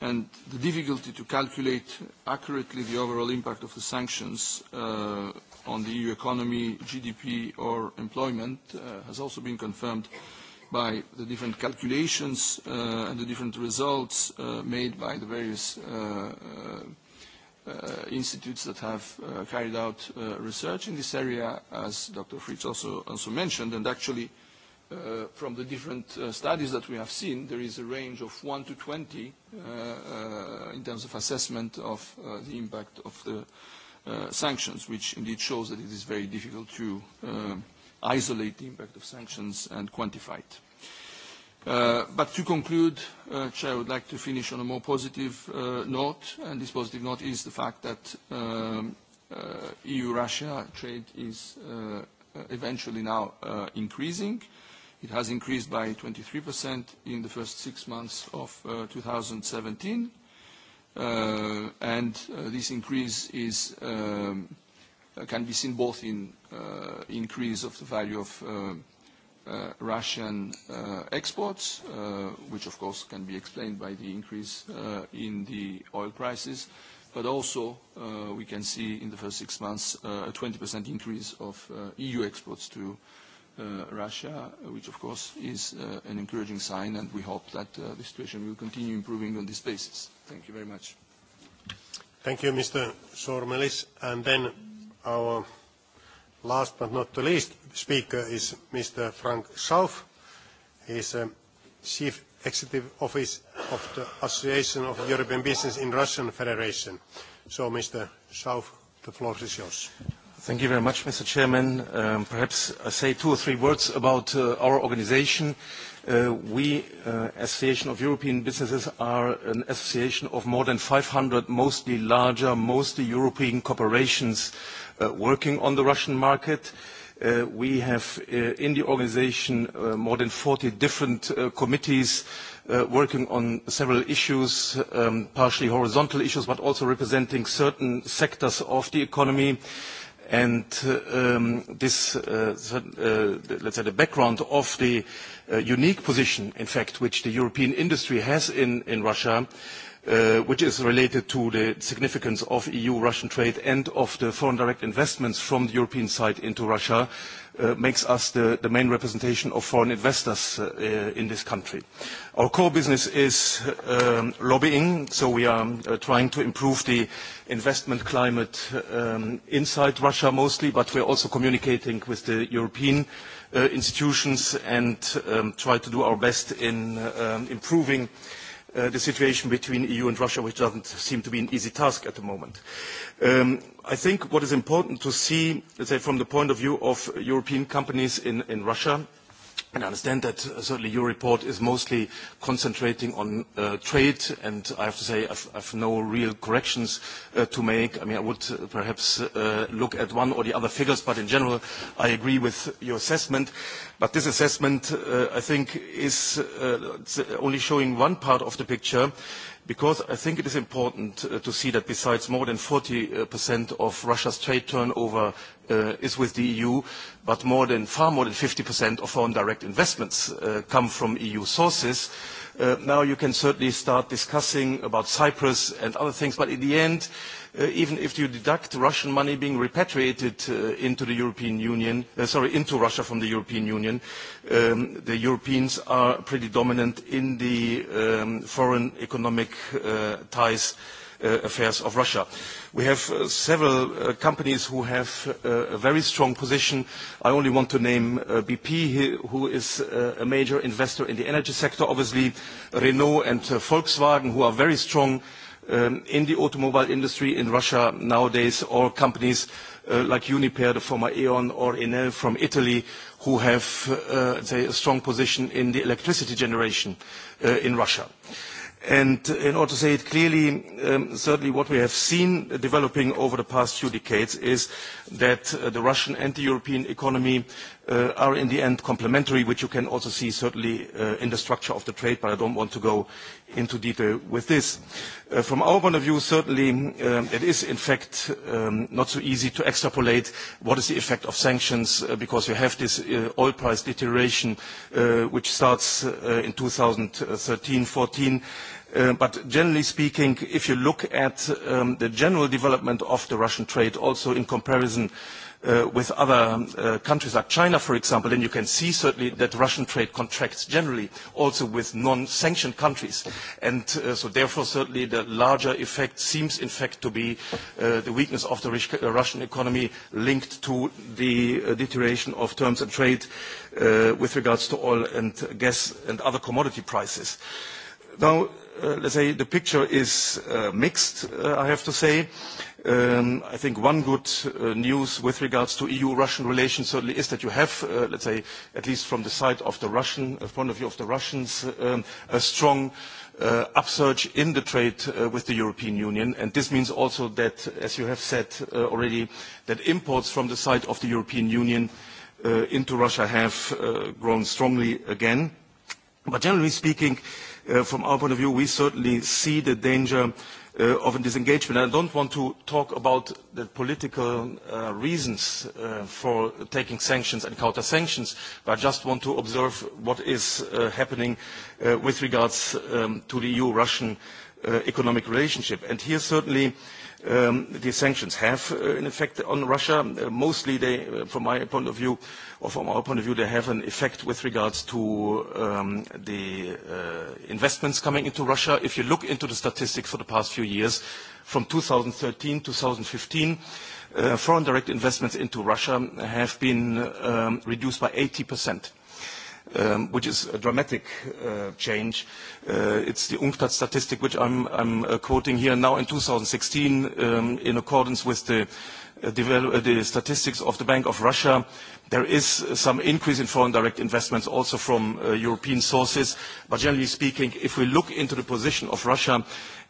And the difficulty to calculate accurately the overall impact of the sanctions uh, on the EU economy, GDP or employment uh, has also been confirmed uh, by the different calculations uh, and the different results uh, made by the various uh, uh, uh institutes that have uh, carried out uh, research in this area, as Dr. Fritz also, also mentioned, and actually uh, from the different uh, studies that we have seen, there is a range of 1 to 20 uh, uh, in terms of assessment of uh, the impact of the uh, sanctions, which indeed shows that it is very difficult to uh, isolate the impact of sanctions and quantify it. Uh, but to conclude, uh, Chair, I would like to finish on a more positive uh, note, and this positive note is the fact that um, uh, EU-Russia trade is uh, uh, eventually now uh, increasing. It has increased by 23% in the first six months of uh, 2017, uh, and uh, this increase is um, Uh, can be seen both in uh, increase of the value of uh, uh, Russian uh, exports, uh, which of course can be explained by the increase uh, in the oil prices, but also uh, we can see in the first six months uh, a 20% increase of uh, EU exports to uh, Russia, which of course is uh, an encouraging sign, and we hope that uh, the situation will continue improving on this basis. Thank you very much. Thank you, Mr. Sormelis. And then Our last but not the least speaker is Mr. Frank Schauf. He is um, Chief Executive Office of the Association of European Business in Russian Federation. So, Mr. Schauf, the floor is yours. Thank you very much, Mr. Chairman. Um, perhaps I say two or three words about uh, our organization. Uh, we, uh, Association of European Businesses, are an association of more than 500 mostly larger, mostly European corporations Uh, working on the Russian market. Uh, we have uh, in the organization more than 40 different committees working on several issues, um, partially horizontal issues, but also representing certain sectors of the economy. And um, this, let's say, the background of the uh, unique position, in fact, which the European industry has in, in Russia, uh, which is related to the significance of EU-Russian trade and of the foreign direct investments from the European side into Russia, uh, makes us the, the main representation of foreign investors uh, in this country. Our core business is um, lobbying, so we are um, uh, trying to improve the investment climate um, inside Russia mostly, but we're also communicating with the European uh, uh, institutions and um, try to do our best in um, improving uh, the situation between EU and Russia, which doesn't seem to be an easy task at the moment. Um, I think what is important to see, let's say, from the point of view of European companies in, in Russia And I understand that uh, certainly your report is mostly concentrating on uh, trade, and I have to say I've, have no real corrections uh, to make. I mean, I would uh, perhaps uh, look at one or the other figures, but in general, I agree with your assessment. But this assessment, uh, I think, is uh, only showing one part of the picture because I think it is important uh, to see that besides more than 40% uh, of Russia's trade turnover uh, is with the EU, but more than, far more than 50% of foreign direct investments uh, come from EU sources, uh, now you can certainly start discussing about Cyprus and other things, but in the end, uh, Uh, even if you deduct Russian money being repatriated uh, into the European Union, uh, sorry, into Russia from the European Union, um, the Europeans are pretty dominant in the um, foreign economic uh, ties uh, affairs of Russia. We have uh, several uh, companies who have uh, a very strong position. I only want to name uh, BP, who is uh, a major investor in the energy sector, obviously Renault and uh, Volkswagen, who are very strong uh, Um, in the automobile industry in Russia nowadays, or companies uh, like Uniper, the former E.ON, or Enel from Italy, who have, uh, say, a strong position in the electricity generation uh, in Russia. And in order to say it clearly, um, certainly what we have seen developing over the past few decades is that uh, the Russian and the European economy Uh, are in the end complementary, which you can also see certainly uh, in the structure of the trade, but I don't want to go into detail with this. Uh, from our point of view, certainly um, it is in fact um, not so easy to extrapolate what is the effect of sanctions because you have this oil price deterioration which starts in 2013 2014. but generally speaking, if you look at um, the general development of the Russian trade also in comparison uh, with other uh, countries like China, for example, then you can see certainly that Russian trade contracts generally also with non-sanctioned countries. And uh, so therefore, certainly the larger effect seems in fact to be uh, the weakness of the uh, Russian economy linked to the uh, deterioration of terms of trade uh, with regards to oil and gas and other commodity prices. Now, uh, let's say the picture is uh, mixed, uh, I have to say. Uh, Um, I think one good uh, news with regards to EU-Russian relations certainly is that you have, uh, let's say, at least from the side of the Russian, uh, point of view of the Russians, um, a strong uh, upsurge in the trade uh, with the European Union. And this means also that, as you have said uh, already, that imports from the side of the European Union uh, into Russia have uh, grown strongly again. But generally speaking, uh, Uh, from our point of view, we certainly see the danger uh, of a disengagement. I don't want to talk about the political uh, reasons uh, for taking sanctions and counter-sanctions, but I just want to observe what is uh, happening uh, with regards um, to the EU-Russian uh, economic relationship. And here certainly uh, um, the sanctions have uh, an effect on Russia. Uh, mostly, they, uh, from my point of view, or from our point of view, they have an effect with regards to um, the uh, investments coming into Russia. If you look into the statistics for the past few years, from 2013 to 2015, uh, foreign direct investments into Russia have been um, reduced by 80 percent um, which is a dramatic uh, change. Uh, it's the UNCTAD statistic which I'm, I'm uh, quoting here now in 2016 um, in accordance with the uh, develop, uh, the statistics of the Bank of Russia, there is some increase in foreign direct investments also from uh, European sources. But generally speaking, if we look into the position of Russia,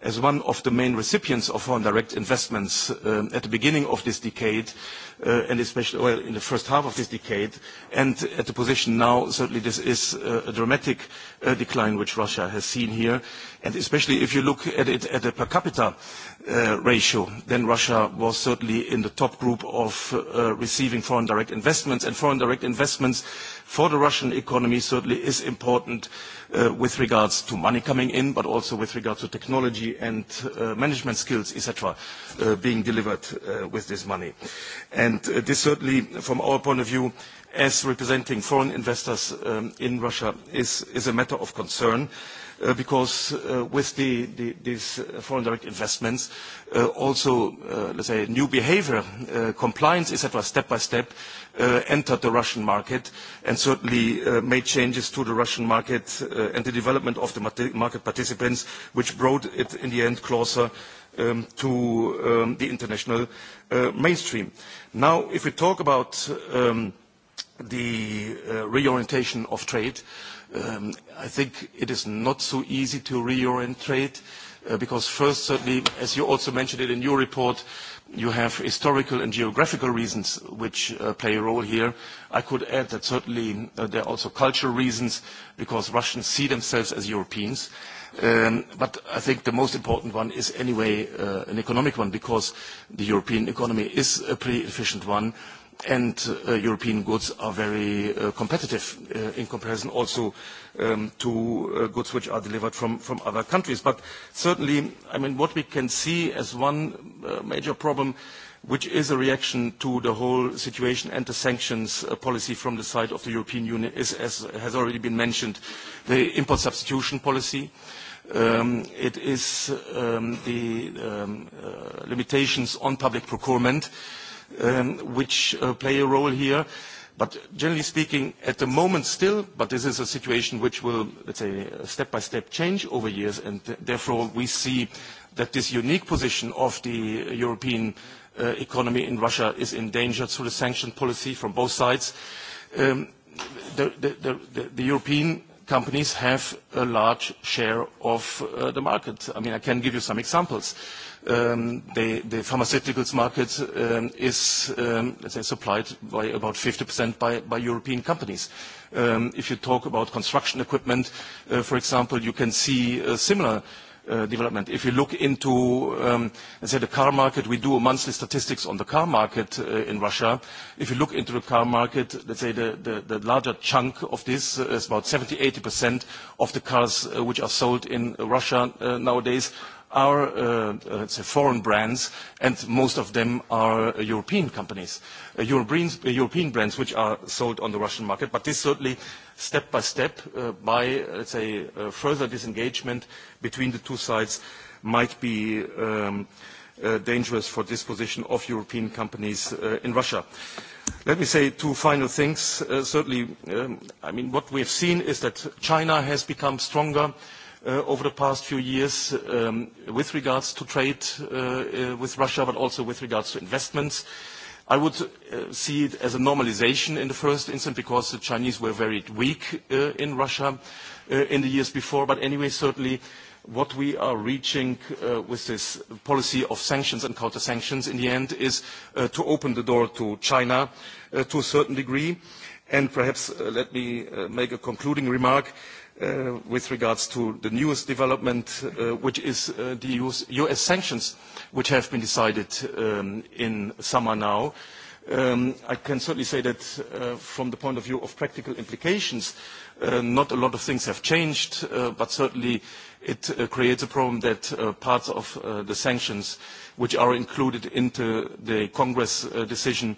as one of the main recipients of foreign direct investments um, at the beginning of this decade, uh, and especially well, in the first half of this decade, and at the position now, certainly this is uh, a dramatic uh, decline which Russia has seen here. And especially if you look at it at a per capita uh, ratio, then Russia was certainly in the top group of uh, receiving foreign direct investments, and foreign direct investments for the Russian economy certainly is important uh, with regards to money coming in, but also with regard to technology and uh, management skills, etc., uh, being delivered uh, with this money. And uh, this certainly, from our point of view, as representing foreign investors um, in Russia, is, is a matter of concern. Uh, because uh, with the, the, these foreign direct investments, uh, also, uh, let's say, new behavior, uh, compliance, et cetera, step by step, Uh, entered the Russian market and certainly uh, made changes to the Russian market uh, and the development of the market participants, which brought it in the end closer um, to um, the international mainstream. Now, if we talk about um, the reorientation of trade, I think it is not so easy to reorient trade because first, certainly, as you also mentioned it in your report, You have historical and geographical reasons which uh, play a role here. I could add that certainly uh, there are also cultural reasons because Russians see themselves as Europeans. Um, but I think the most important one is anyway uh, an economic one because the European economy is a pretty efficient one and uh, European goods are very uh, competitive uh, in comparison also um, to uh, goods which are delivered from, from other countries. But certainly, I mean, what we can see as one uh, major problem which is a reaction to the whole situation and the sanctions uh, policy from the side of the European Union is, as has already been mentioned, the import substitution policy. Um, it is um, the um, uh, limitations on public procurement, um, which uh, play a role here. But generally speaking, at the moment still, but this is a situation which will, let's say, uh, step by step change over years, and th therefore we see that this unique position of the European uh, economy in Russia is endangered through the sanction policy from both sides. Um, the, the, the, the European companies have a large share of uh, the market. I mean, I can give you some examples. Um, the, the pharmaceuticals market um, is, um, let's say, supplied by about 50% by, by European companies. Um, if you talk about construction equipment, uh, for example, you can see uh, similar Uh, development. If you look into, um, let's say, the car market, we do monthly statistics on the car market uh, in Russia. If you look into the car market, let's say the, larger chunk of this uh, is about 70%-80% of the cars which are sold in Russia nowadays are uh, uh, let's say foreign brands, and most of them are uh, European companies, European, brands which are sold on the Russian market. But this certainly, step by step, by let's say further disengagement between the two sides, might be. Um, dangerous for disposition of European companies in Russia. Let me say two final things. certainly, um, I mean, what we have seen is that China has become stronger. Uh, over the past few years um, with regards to trade uh, uh, with Russia, but also with regards to investments. I would uh, see it as a normalization in the first instance because the Chinese were very weak uh, in Russia uh, in the years before. But anyway, certainly what we are reaching uh, with this policy of sanctions and counter-sanctions in the end is uh, to open the door to China uh, to a certain degree. And perhaps uh, let me uh, make a concluding remark. Uh, Uh, with regards to the newest development, uh, which is uh, the US, US sanctions, which have been decided um, in summer now. Um, I can certainly say that uh, from the point of view of practical implications, uh, not a lot of things have changed, uh, but certainly it creates a problem that parts of the sanctions which are included into the Congress decision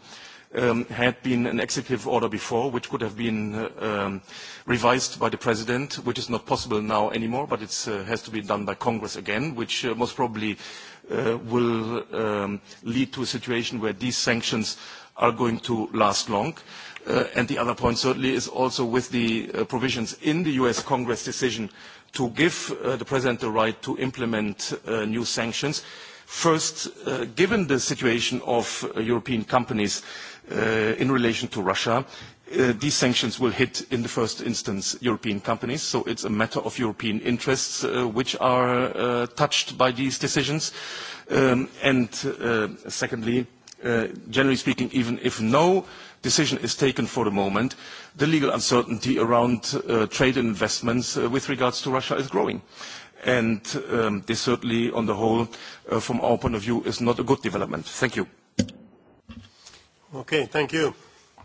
um, had been an executive order before, which could have been uh, um, revised by the president, which is not possible now anymore, but it uh, has to be done by Congress again, which uh, most probably uh, will um, lead to a situation where these sanctions are going to last long. Uh, and the other point certainly is also with the uh, provisions in the U.S. Congress decision to give uh, the president the right to implement uh, new sanctions. First, uh, given the situation of uh, European companies, uh, Uh, in relation to Russia, Uh, these sanctions will hit in the first instance European companies, so it's a matter of European interests uh, which are uh, touched by these decisions. Um, and uh, secondly, uh, generally speaking, even if no decision is taken for the moment, the legal uncertainty around trade and investments with regards to Russia is growing. And um, this certainly, on the whole, from our point of view, is not a good development. Thank you. Okay, thank you,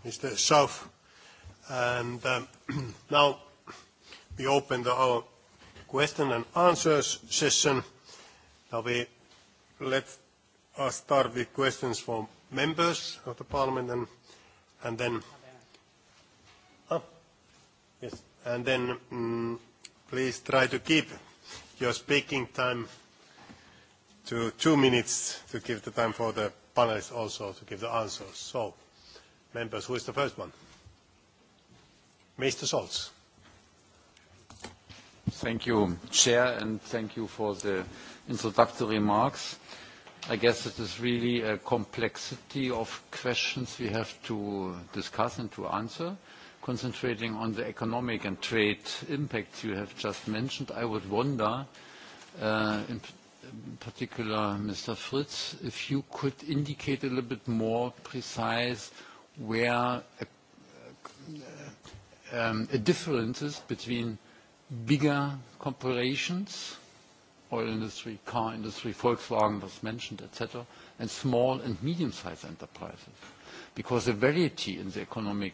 Mr. Schauf. And um, <clears throat> now we open the, our question and answers session. Now we let us start with questions from members of the parliament and, and then oh, yes, and then um, please try to keep your speaking time to two minutes to give the time for the panelists also to give the answers. So, members, who is the first one? Mr. Scholz. Thank you, Chair, and thank you for the introductory remarks. I guess it is really a complexity of questions we have to discuss and to answer. Concentrating on the economic and trade impacts you have just mentioned, I would wonder, uh, in in particular Mr. Fritz, if you could indicate a little bit more precise where a, um, a differences between bigger corporations, oil industry, car industry, Volkswagen was mentioned, et cetera, and small and medium-sized enterprises. Because the variety in the economic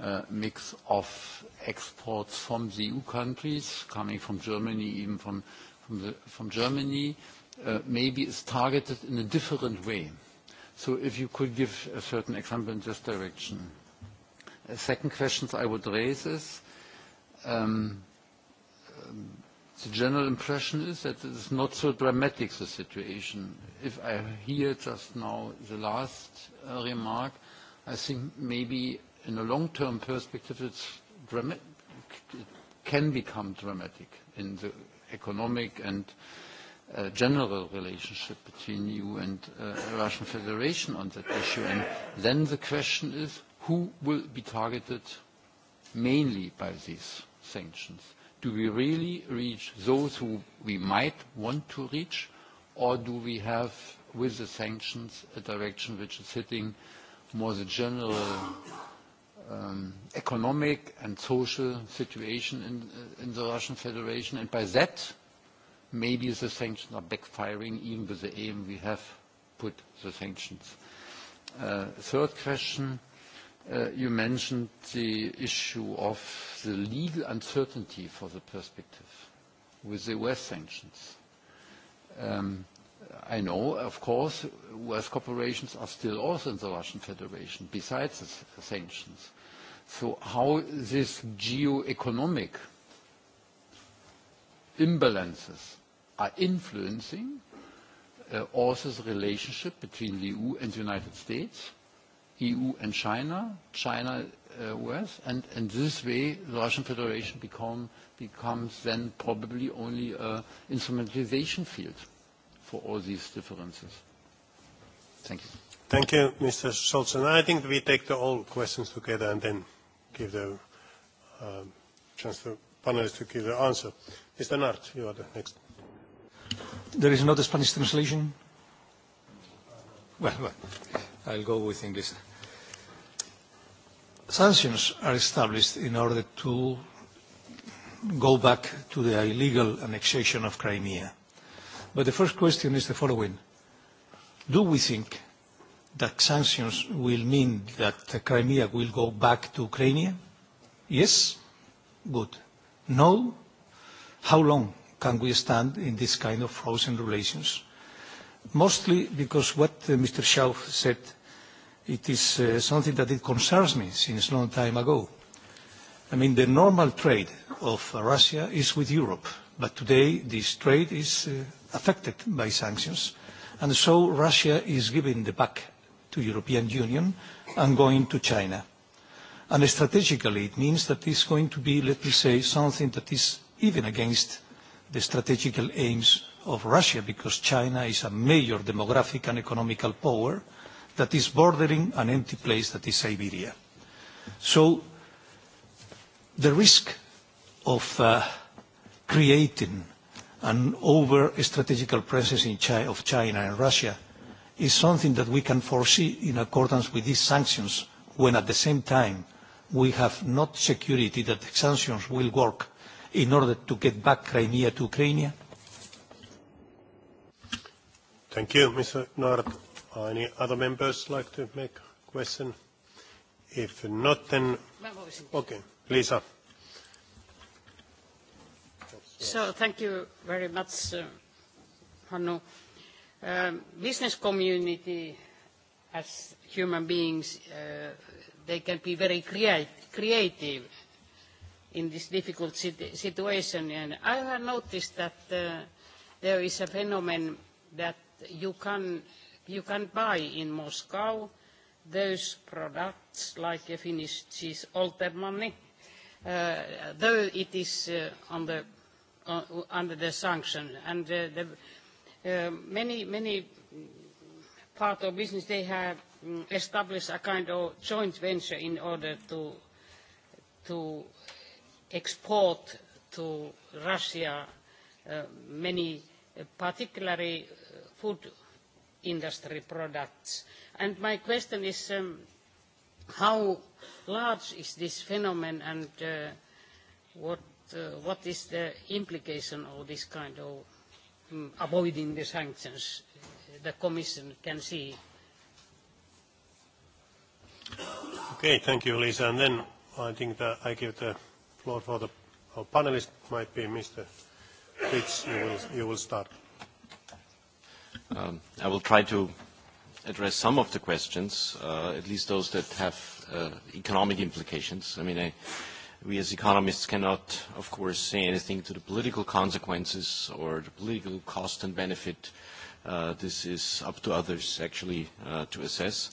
uh, mix of exports from the EU countries, coming from Germany, even from from, the, from Germany uh, maybe is targeted in a different way. So if you could give a certain example in this direction. A second question I would raise is, um, um, the general impression is that it is not so dramatic, the situation. If I hear just now the last uh, remark, I think maybe in a long-term perspective, it's dramatic, it can become dramatic in the economic and uh, general relationship between EU e and uh, Russian Federation on that issue. And then the question is, who will be targeted mainly by these sanctions? Do we really reach those who we might want to reach, or do we have, with the sanctions, a direction which is hitting more the general um, economic and social situation in, uh, in the Russian Federation. And by that, maybe the sanctions are backfiring, even with the aim we have put the sanctions. Uh, third question, uh, you mentioned the issue of the legal uncertainty for the perspective with the U.S. sanctions. Um, I know, of course, U.S. corporations are still also in the Russian Federation besides the sanctions. So how these geo-economic imbalances are influencing uh, also the relationship between the EU and the United States, EU and China, China, US, uh, and in this way, the Russian Federation becomes then probably only an instrumentalization field for all these differences. Thank you. Thank you, Mr. Scholz. I think we take the all questions together and then give the uh, um, chance for panelists to give the answer. Mr. Nart, you are the next. There is not a Spanish translation? Well, well, I'll go with English. Sanctions are established in order to go back to the illegal annexation of Crimea. But the first question is the following. Do we think that sanctions will mean that Crimea will go back to Ukraine? Yes? Good. No? How long can we stand in this kind of frozen relations? Mostly because what uh, Mr. Schauf said, it is uh, something that it concerns me since a long time ago. I mean, the normal trade of Russia is with Europe, but today this trade is uh, affected by sanctions. And so Russia is giving the back to European Union and going to China. And strategically, it means that it's going to be, let me say, something that is even against the strategical aims of Russia, because China is a major demographic and economical power that is bordering an empty place that is Siberia. So the risk of uh, creating an over-strategical presence in China, of China and Russia – is something that we can foresee in accordance with these sanctions when at the same time we have not security that the sanctions will work in order to get back Crimea to Ukraine? Thank you, Mr. Nord. Are any other members like to make a question? If not, then... Okay, Lisa. So thank you very much, uh, Hannu. The um, business community as human beings, uh, they can be very create, creative in this difficult situation. And I have noticed that uh, there is a phenomenon that you can, you can buy in Moscow those products like a Finnish cheese, money uh, though it is uh, on the, uh, under the sanction. And uh, the Uh, many, many part of business, they have mm, established a kind of joint venture in order to, to export to Russia uh, many, uh, particularly uh, food industry products. And my question is, um, how large is this phenomenon and uh, what, what is the implication of this kind of Mm, avoiding the sanctions eh, the Commission can see? Okay, thank you, Lisa. And then I think that I give the floor for the our panelist, might be Mr. Fritz. You will, you will start. Um, I will try to address some of the questions, uh, at least those that have uh, economic implications. I mean, I, we as economists cannot, of course, say anything to the political consequences or the political cost and benefit. Uh, this is up to others, actually, uh, to assess.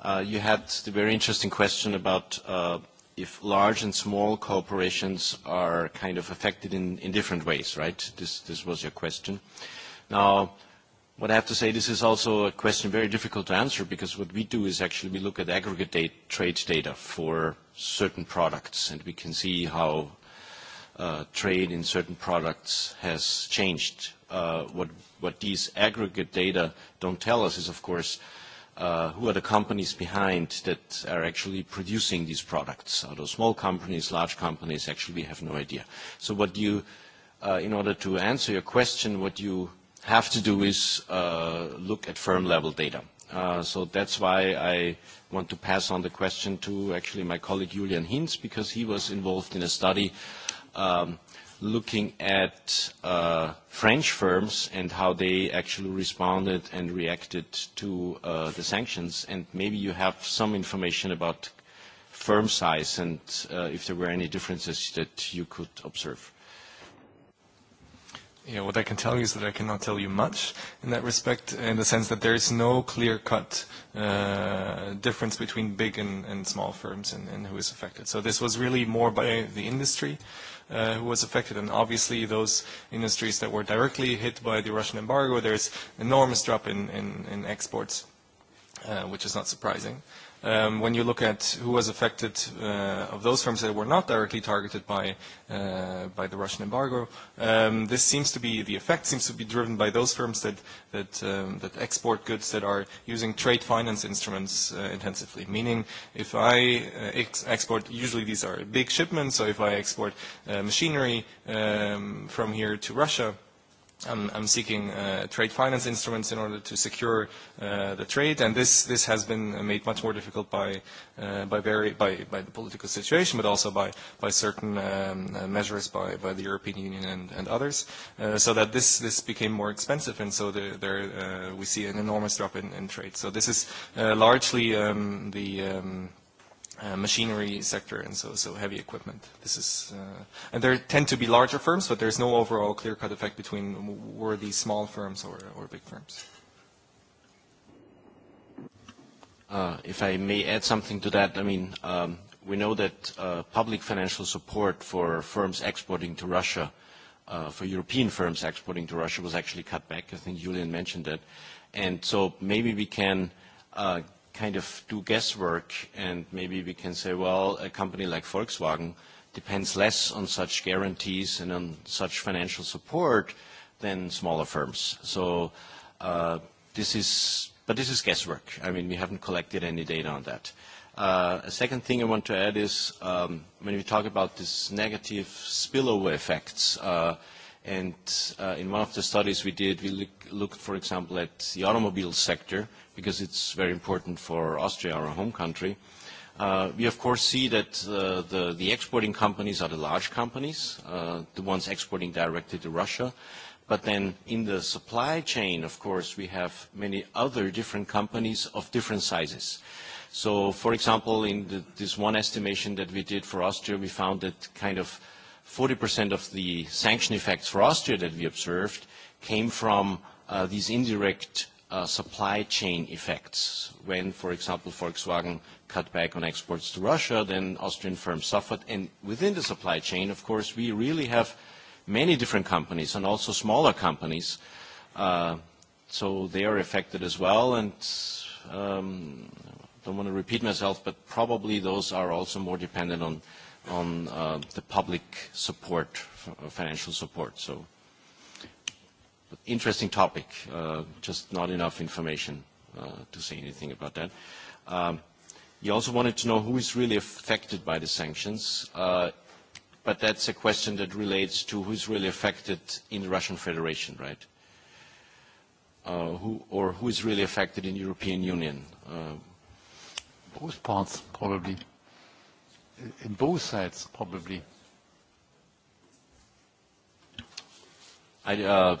Uh, you had the very interesting question about uh, if large and small corporations are kind of affected in, in different ways, right? This, this was your question. Now, What I have to say, this is also a question very difficult to answer because what we do is actually we look at aggregate date, trade data for certain products and we can see how uh, trade in certain products has changed. Uh, what, what these aggregate data don't tell us is, of course, uh, who are the companies behind that are actually producing these products. Are those small companies, large companies? Actually, we have no idea. So what you, uh, in order to answer your question, what you have to do is uh, look at firm-level data. Uh, so that's why I want to pass on the question to actually my colleague Julian Hinz, because he was involved in a study um, looking at uh, French firms and how they actually responded and reacted to uh, the sanctions. And maybe you have some information about firm size and uh, if there were any differences that you could observe. Yeah, what I can tell you is that I cannot tell you much in that respect, in the sense that there is no clear-cut uh, difference between big and, and small firms and, and who is affected. So this was really more by the industry uh, who was affected, and obviously those industries that were directly hit by the Russian embargo, there's enormous drop in, in, in exports, uh, which is not surprising. Uh, um, when you look at who was affected uh, of those firms that were not directly targeted by, uh, by the Russian embargo, um, this seems to be, the effect seems to be driven by those firms that, that, um, that export goods that are using trade finance instruments uh, intensively, meaning if I uh, ex export, usually these are big shipments, so if I export uh, machinery um, from here to Russia, I'm, I'm seeking uh, trade finance instruments in order to secure uh, the trade, and this, this has been uh, made much more difficult by, uh, by, very, by, by the political situation, but also by, by certain um, uh, measures by, by the European Union and, and others, uh, so that this, this became more expensive, and so there, there, uh, we see an enormous drop in, in trade. So this is uh, largely um, the... Um, uh, machinery sector and so so heavy equipment. This is uh, and there tend to be larger firms, but there's no overall clear cut effect between were these small firms or or big firms. Uh, if I may add something to that, I mean um, we know that uh, public financial support for firms exporting to Russia, uh, for European firms exporting to Russia, was actually cut back. I think Julian mentioned that, and so maybe we can. Uh, kind of do guesswork and maybe we can say, well, a company like Volkswagen depends less on such guarantees and on such financial support than smaller firms. So uh, this is, but this is guesswork. I mean, we haven't collected any data on that. Uh, a second thing I want to add is um, when we talk about this negative spillover effects, uh, and uh, in one of the studies we did, we look, looked, for example, at the automobile sector, because it's very important for Austria, our home country. Uh, we of course see that uh, the, the exporting companies are the large companies, uh, the ones exporting directly to Russia. But then in the supply chain, of course, we have many other different companies of different sizes. So for example, in the, this one estimation that we did for Austria, we found that kind of 40% of the sanction effects for Austria that we observed came from uh, these indirect Uh, supply chain effects. When, for example, Volkswagen cut back on exports to Russia, then Austrian firms suffered. And within the supply chain, of course, we really have many different companies and also smaller companies. Uh, so they are affected as well. And um, don't want to repeat myself, but probably those are also more dependent on, on uh, the public support, financial support. So interesting topic, uh, just not enough information uh, to say anything about that. Um, you also wanted to know who is really affected by the sanctions, uh, but that's a question that relates to who is really affected in the Russian Federation, right? Uh, who, or who is really affected in the European Union? Uh, both parts, probably. In both sides, probably. I, uh,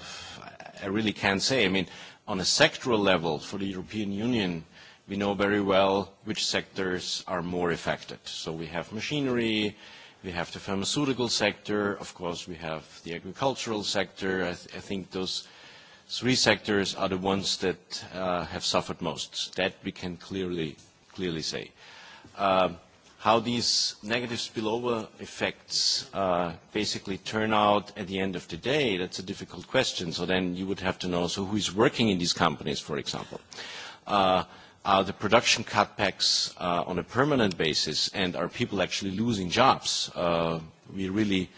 I really can't say. I mean, on a sectoral level for the European Union, we know very well which sectors are more affected. So we have machinery, we have the pharmaceutical sector, of course we have the agricultural sector. I, th I think those three sectors are the ones that uh, have suffered most. That we can clearly, clearly say. Um, uh, how these negative spillover effects uh, basically turn out at the end of the day, that's a difficult question. So then you would have to know, so who is working in these companies, for example? Uh, are the production cutbacks uh, on a permanent basis, and are people actually losing jobs? Uh, we really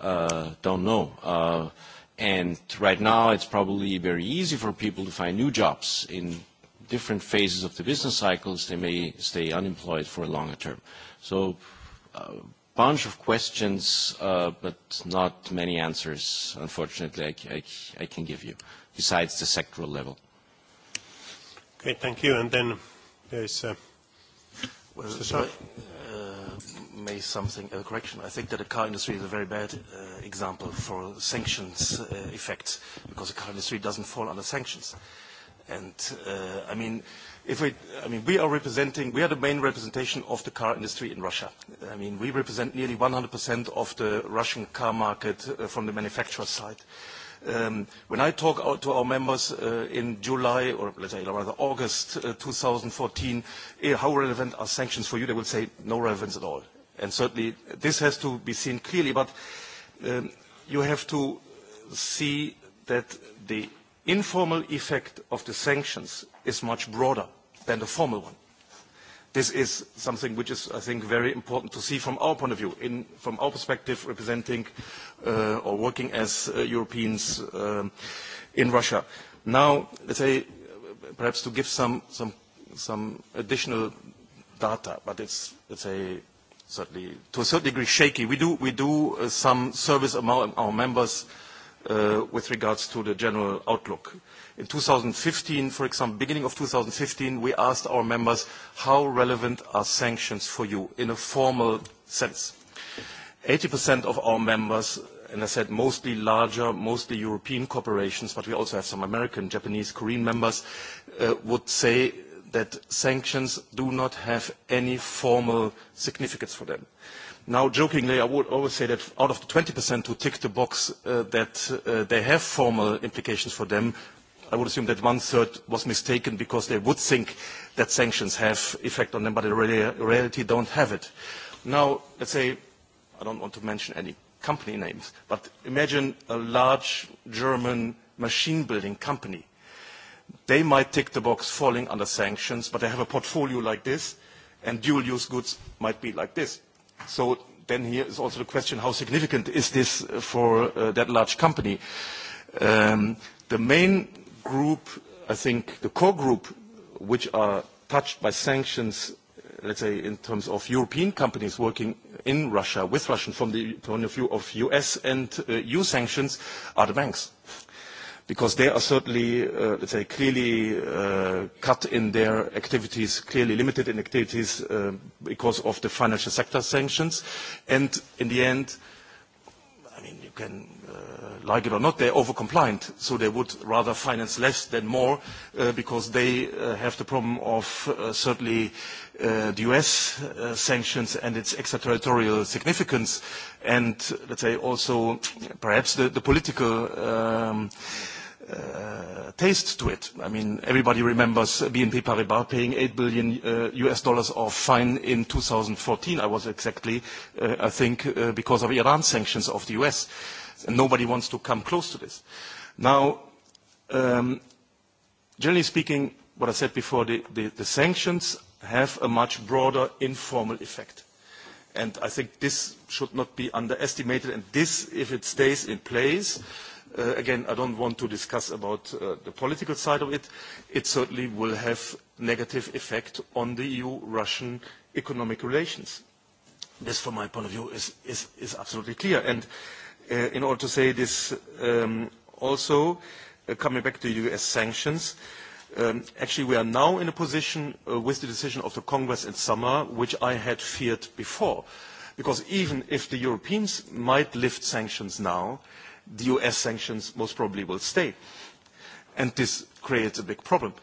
uh, don't know. Uh, and right now it's probably very easy for people to find new jobs in different phases of the business cycles. They may stay unemployed for a longer term. Uh, so a uh, bunch of questions, uh, but not many answers, unfortunately, I, I, I can give you, besides the sectoral level. Okay, thank you. And then there is uh, well, Uh, may something, a uh, correction. I think that the car industry is a very bad uh, example for sanctions uh, effects, because the car industry doesn't fall under sanctions. And, uh, I mean, if we, I mean, we are representing, we are the main representation of the car industry in Russia. I mean, we represent nearly 100% of the Russian car market uh, from the manufacturer side. Um, when I talk out to our members uh, in July, or let's say rather August uh, 2014, eh, how relevant are sanctions for you, they will say no relevance at all. And certainly this has to be seen clearly, but um, you have to see that the informal effect of the sanctions is much broader than the formal one. This is something which is, I think, very important to see from our point of view, in, from our perspective representing uh, or working as uh, Europeans uh, in Russia. Now, let's say, perhaps to give some, some, some additional data, but it's, let's say, certainly, to a certain degree, shaky. We do, we do uh, some service among our members uh, with regards to the general outlook. Uh, In 2015, for example, beginning of 2015, we asked our members, how relevant are sanctions for you in a formal sense? 80% of our members, and I said mostly larger, mostly European corporations, but we also have some American, Japanese, Korean members, uh, would say that sanctions do not have any formal significance for them. Now, jokingly, I would always say that out of the 20% who tick the box uh, that uh, they have formal implications for them, i would assume that one-third was mistaken because they would think that sanctions have effect on them, but in reality don't have it. Now, let's say, I don't want to mention any company names, but imagine a large German machine building company. They might tick the box falling under sanctions, but they have a portfolio like this, and dual-use goods might be like this. So then here is also the question, how significant is this for uh, that large company? Um, the main group, I think the core group, which are touched by sanctions, let's say in terms of European companies working in Russia, with Russian, from the point of view of US and uh, EU sanctions, are the banks. Because they are certainly, uh, let's say, clearly uh, cut in their activities, clearly limited in activities uh, because of the financial sector sanctions. And in the end, uh, can uh, like it or not, they're over-compliant, so they would rather finance less than more uh, because they uh, have the problem of uh, certainly uh, the US uh, sanctions and its extraterritorial significance and, let's say, also perhaps the, the political um, uh, Uh, taste to it. I mean, everybody remembers BNP Paribas paying $8 billion uh, US dollars of fine in 2014, I was exactly, uh, I think, uh, because of Iran sanctions of the US. And nobody wants to come close to this. Now, um, generally speaking, what I said before, the, the, the sanctions have a much broader informal effect. And I think this should not be underestimated, and this, if it stays in place, uh, Uh, again, I don't want to discuss about uh, the political side of it. It certainly will have negative effect on the EU-Russian economic relations. This, from my point of view, is, is, is absolutely clear. And uh, in order to say this um, also, uh, coming back to U.S. sanctions, um, actually we are now in a position uh, with the decision of the Congress in summer, which I had feared before. Because even if the Europeans might lift sanctions now, uh, the US sanctions most probably will stay. And this creates a big problem,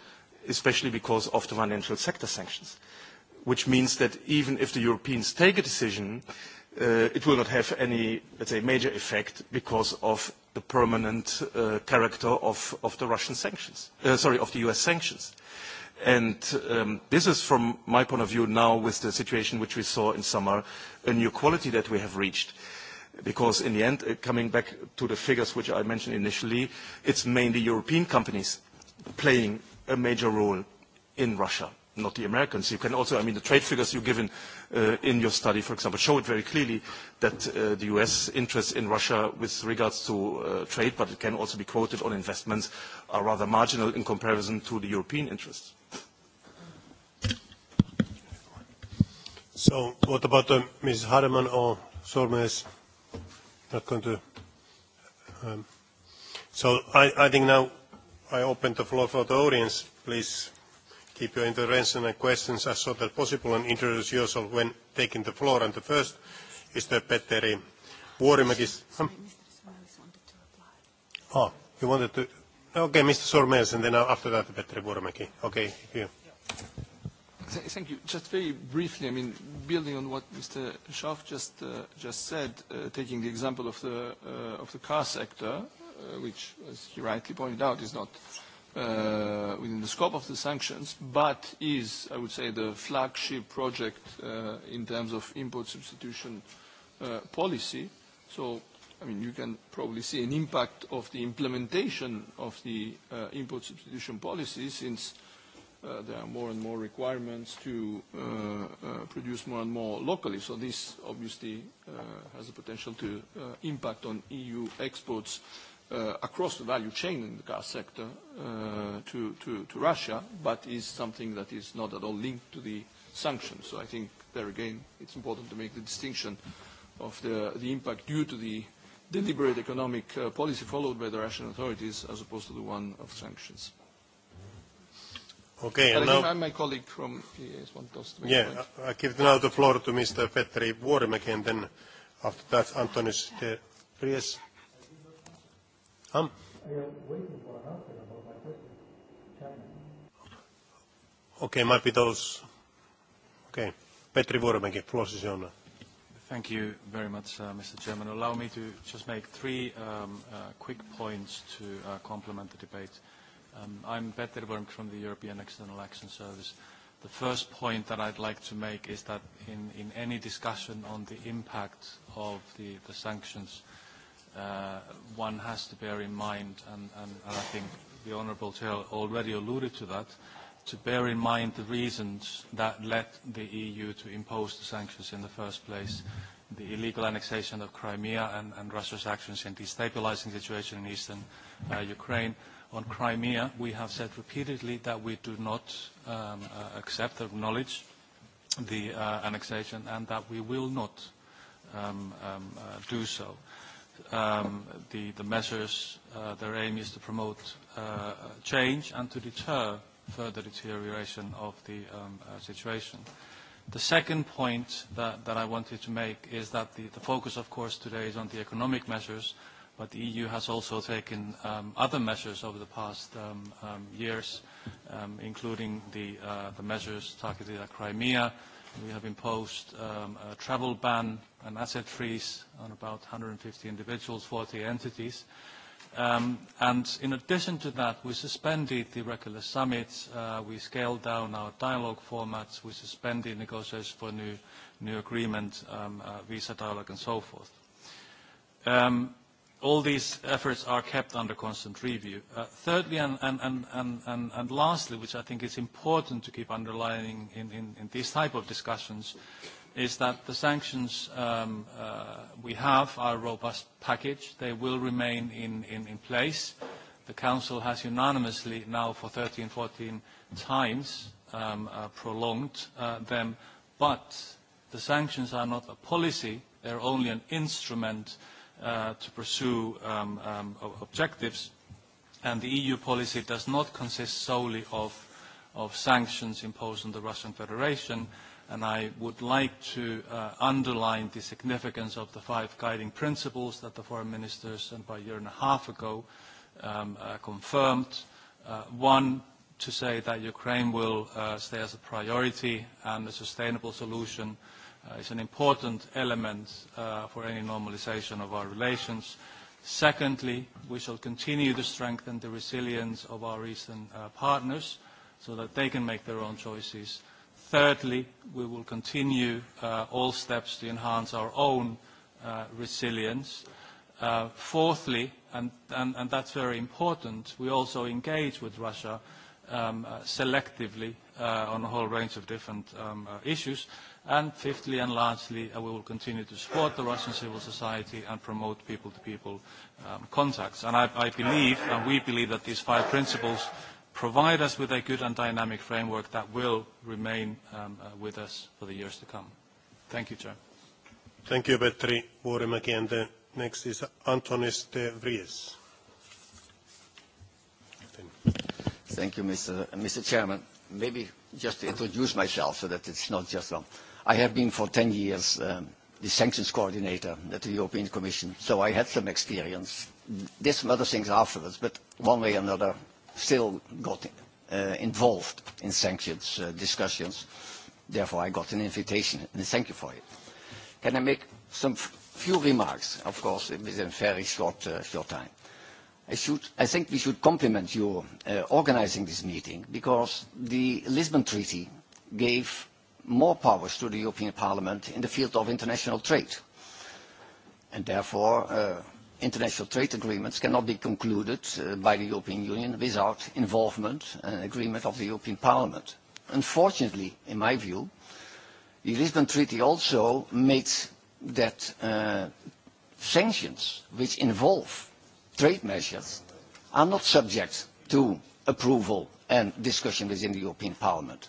especially because of the financial sector sanctions, which means that even if the Europeans take a decision, uh, it will not have any, let's say, major effect because of the permanent uh, character of, of the Russian sanctions, uh, sorry, of the US sanctions. And um, this is, from my point of view now, with the situation which we saw in summer, a new quality that we have reached. Uh, Because in the end, uh, coming back to the figures which I mentioned initially, it's mainly European companies playing a major role in Russia, not the Americans. You can also, I mean, the trade figures you've given uh, in your study, for example, show it very clearly that uh, the U.S. interests in Russia with regards to uh, trade, but it can also be quoted on investments, are rather marginal in comparison to the European interests. So what about uh, Ms. Hardeman or Sormes? not going to. Um, so I, I think now I open the floor for the audience. Please keep your intervention and questions as short as possible and introduce yourself when taking the floor. And the first is the Petteri Vuorimäki. Huh? Oh, you wanted to? Okay, Mr. Sormes, and then after that, Petteri Vuorimäki. Okay, you. Yeah. Thank you. Just very briefly, I mean, building on what Mr. Schaaf just, uh, just said, uh, taking the example of the, uh, of the car sector, uh, which, as he rightly pointed out, is not uh, within the scope of the sanctions, but is, I would say, the flagship project uh, in terms of import substitution uh, policy. So, I mean, you can probably see an impact of the implementation of the uh, import substitution policy since Uh, there are more and more requirements to uh, uh, produce more and more locally. So this obviously uh, has the potential to uh, impact on EU exports uh, across the value chain in the car sector uh, to, to, to Russia, but is something that is not at all linked to the sanctions. So I think there again, it's important to make the distinction of the, the impact due to the deliberate economic uh, policy followed by the Russian authorities as opposed to the one of sanctions. Okay, and now... My colleague from PES one those three Yeah, I give now the floor to Mr. Petri Vuorimäki, again, then after that, Antonis de Vries. Um? Okay, might be those... Okay. Petri Vuorimäki, floor is yours. Thank you very much, uh, Mr. Chairman. Allow me to just make three um, uh, quick points to uh, complement the debate. Uh, Um, I'm Peter Worm from the European External Action Service. The first point that I'd like to make is that in, in any discussion on the impact of the, the sanctions, uh, one has to bear in mind, and, and, and I think the Honourable Chair already alluded to that, to bear in mind the reasons that led the EU to impose the sanctions in the first place, the illegal annexation of Crimea and, and Russia's actions in destabilizing the situation in eastern uh, Ukraine, on Crimea, we have said repeatedly that we do not um, uh, accept or acknowledge the uh, annexation and that we will not um, um, uh, do so. Um, the, the measures, uh, their aim is to promote uh, change and to deter further deterioration of the um, uh, situation. The second point that, that I wanted to make is that the, the focus, of course, today is on the economic measures But the EU has also taken um, other measures over the past um, um, years, um, including the, uh, the measures targeted at Crimea. We have imposed um, a travel ban and asset freeze on about 150 individuals, 40 entities. Um, and in addition to that, we suspended the regular summits, uh, we scaled down our dialogue formats, we suspended negotiations for new, new agreement, um, uh, visa dialogue and so forth. Um, all these efforts are kept under constant review. Uh, thirdly, and, and, and, and, and lastly, which I think is important to keep underlining in, in, in these type of discussions, is that the sanctions um, uh, we have are a robust package. They will remain in, in, in place. The Council has unanimously now for 13, 14 times um, uh, prolonged uh, them, but the sanctions are not a policy. They're only an instrument uh, uh, to pursue um, um, objectives. And the EU policy does not consist solely of, of sanctions imposed on the Russian Federation. And I would like to uh, underline the significance of the five guiding principles that the foreign ministers about a year and a half ago um, uh, confirmed. Uh, one, to say that Ukraine will uh, stay as a priority and a sustainable solution uh, Uh, is an important element uh, for any normalization of our relations. Secondly, we shall continue to strengthen the resilience of our eastern uh, partners so that they can make their own choices. Thirdly, we will continue uh, all steps to enhance our own uh, resilience. Uh, fourthly, and, and, and that's very important, we also engage with Russia um, uh, selectively uh, on a whole range of different um, uh, issues. And fifthly and lastly, uh, we will continue to support the Russian civil society and promote people-to-people -people, um, contacts. And I, I believe, and we believe, that these five principles provide us with a good and dynamic framework that will remain um, uh, with us for the years to come. Thank you, Chair. Thank you, Petri Vuorimäki. And the next is Antonis de Vries. Thank you, Mr. Mr. Chairman. Maybe just to introduce myself so that it's not just one. Um, i have been for 10 years um, the sanctions coordinator at the European Commission, so I had some experience. Did some other things afterwards, but one way or another, still got uh, involved in sanctions uh, discussions. Therefore, I got an invitation, and thank you for it. Can I make some few remarks, of course, within a very short, uh, short time? I, should, I think we should compliment you uh, organizing this meeting because the Lisbon Treaty gave more powers to the European Parliament in the field of international trade. And therefore, uh, international trade agreements cannot be concluded uh, by the European Union without involvement and agreement of the European Parliament. Unfortunately, in my view, the Lisbon Treaty also made that uh, sanctions which involve trade measures are not subject to approval and discussion within the European Parliament.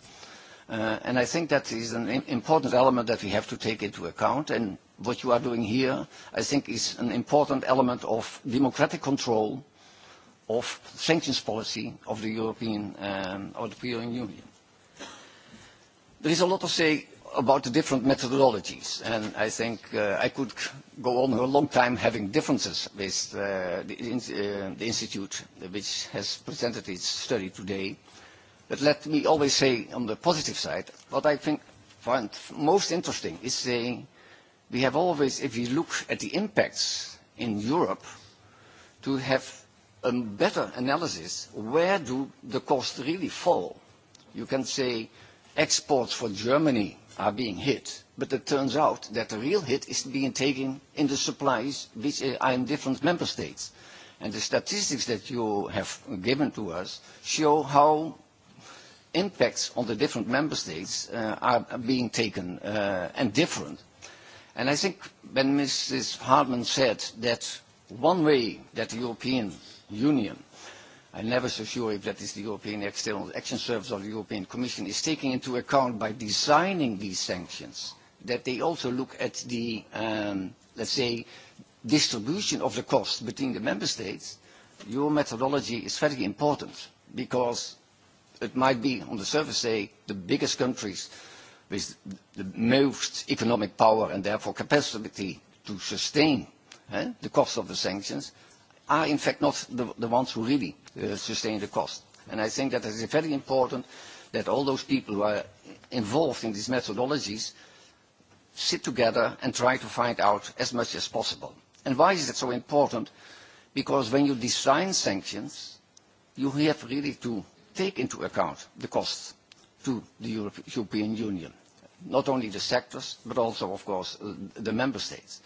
Uh, and I think that is an important element that we have to take into account. And what you are doing here, I think, is an important element of democratic control of sanctions policy of the European, um, the European Union. There is a lot to say about the different methodologies, and I think uh, I could go on for a long time having differences with uh, the Institute, which has presented its study today. But let me always say on the positive side, what I think find most interesting is saying we have always, if you look at the impacts in Europe, to have a better analysis, where do the costs really fall? You can say exports for Germany are being hit, but it turns out that the real hit is being taken in the supplies which are in different member states. And the statistics that you have given to us show how impacts on the different member states uh, are being taken uh, and different. And I think when Mrs. Hartman said that one way that the European Union, I'm never so sure if that is the European External Action Service or the European Commission, is taking into account by designing these sanctions, that they also look at the, um, let's say, distribution of the cost between the member states, your methodology is very important because it might be on the surface say the biggest countries with the most economic power and therefore capacity to sustain eh, the cost of the sanctions are in fact not the, the ones who really uh, sustain the cost. And I think that it is very important that all those people who are involved in these methodologies sit together and try to find out as much as possible. And why is it so important? Because when you design sanctions, you have really to take into account the costs to the European Union, not only the sectors, but also, of course, uh, the member states.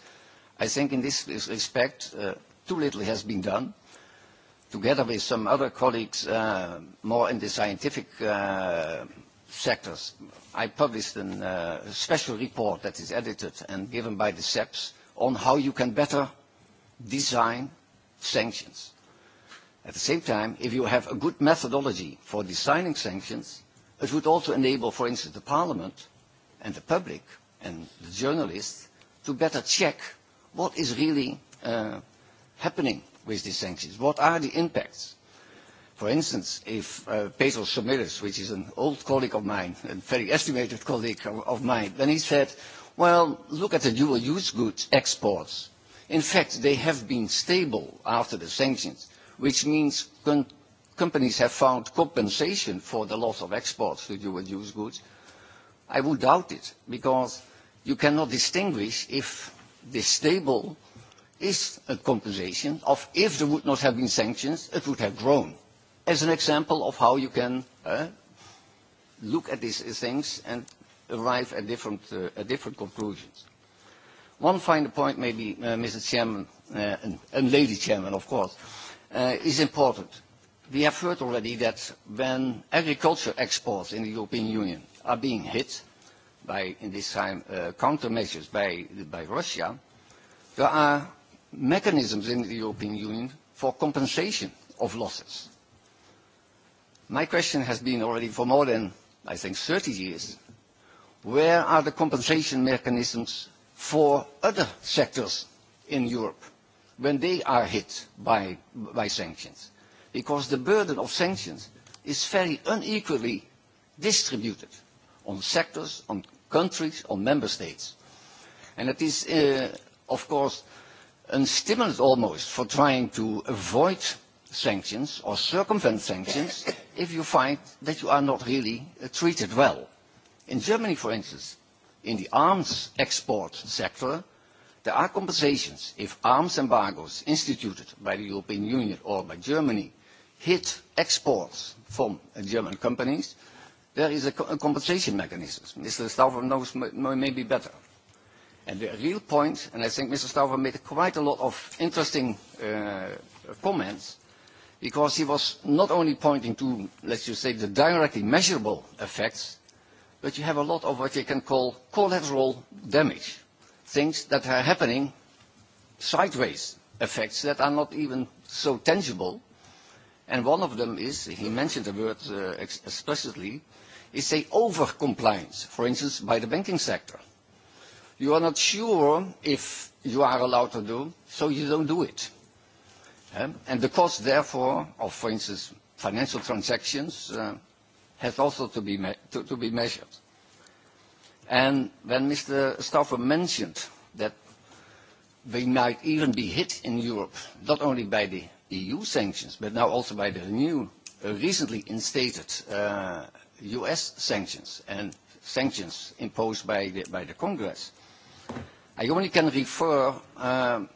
I think in this respect, uh, too little has been done. Together with some other colleagues uh, more in the scientific uh, sectors, I published a uh, a special report that is edited and given by the SEPs on how you can better design sanctions At the same time, if you have a good methodology for designing sanctions, it would also enable, for instance, the parliament and the public and the journalists to better check what is really uh, happening with these sanctions. What are the impacts? For instance, if uh, Petros Somiris, which is an old colleague of mine, a very estimated colleague of, of mine, then he said, well, look at the dual-use goods exports. In fact, they have been stable after the sanctions which means companies have found compensation for the loss of exports to dual-use goods, I would doubt it, because you cannot distinguish if this table is a compensation of if there would not have been sanctions, it would have grown. As an example of how you can uh, look at these things and arrive at different, uh, at different conclusions. One final point maybe, uh, Mr. Chairman, uh, and, and Lady Chairman, of course uh, is important. We have heard already that when agriculture exports in the European Union are being hit by, in this time, uh, countermeasures by, by Russia, there are mechanisms in the European Union for compensation of losses. My question has been already for more than, I think, 30 years, where are the compensation mechanisms for other sectors in Europe? when they are hit by, sanctions. Because the burden of sanctions is very unequally distributed on sectors, on countries, on member states. And it is, uh, of course, a stimulus almost for trying to avoid sanctions or circumvent sanctions if you find that you are not really uh, treated well. In Germany, for instance, in the arms export sector, There are compensations if arms embargoes instituted by the European Union or by Germany hit exports from German companies. There is a, co a compensation mechanism. Mr. Stauffer knows maybe better. And the real point, and I think Mr. Stauffer made quite a lot of interesting uh, comments, because he was not only pointing to, let's just say, the directly measurable effects, but you have a lot of what you can call collateral damage things that are happening sideways, effects that are not even so tangible. And one of them is, he mentioned the word uh, ex explicitly, is over-compliance, for instance, by the banking sector. You are not sure if you are allowed to do, so you don't do it. Um, and the cost, therefore, of, for instance, financial transactions uh, has also to be, me to, to be measured. And when Mr. Stauffer mentioned that we might even be hit in Europe, not only by the EU sanctions, but now also by the new, uh, recently instated uh, US sanctions and sanctions imposed by the, by the Congress, I only can refer um,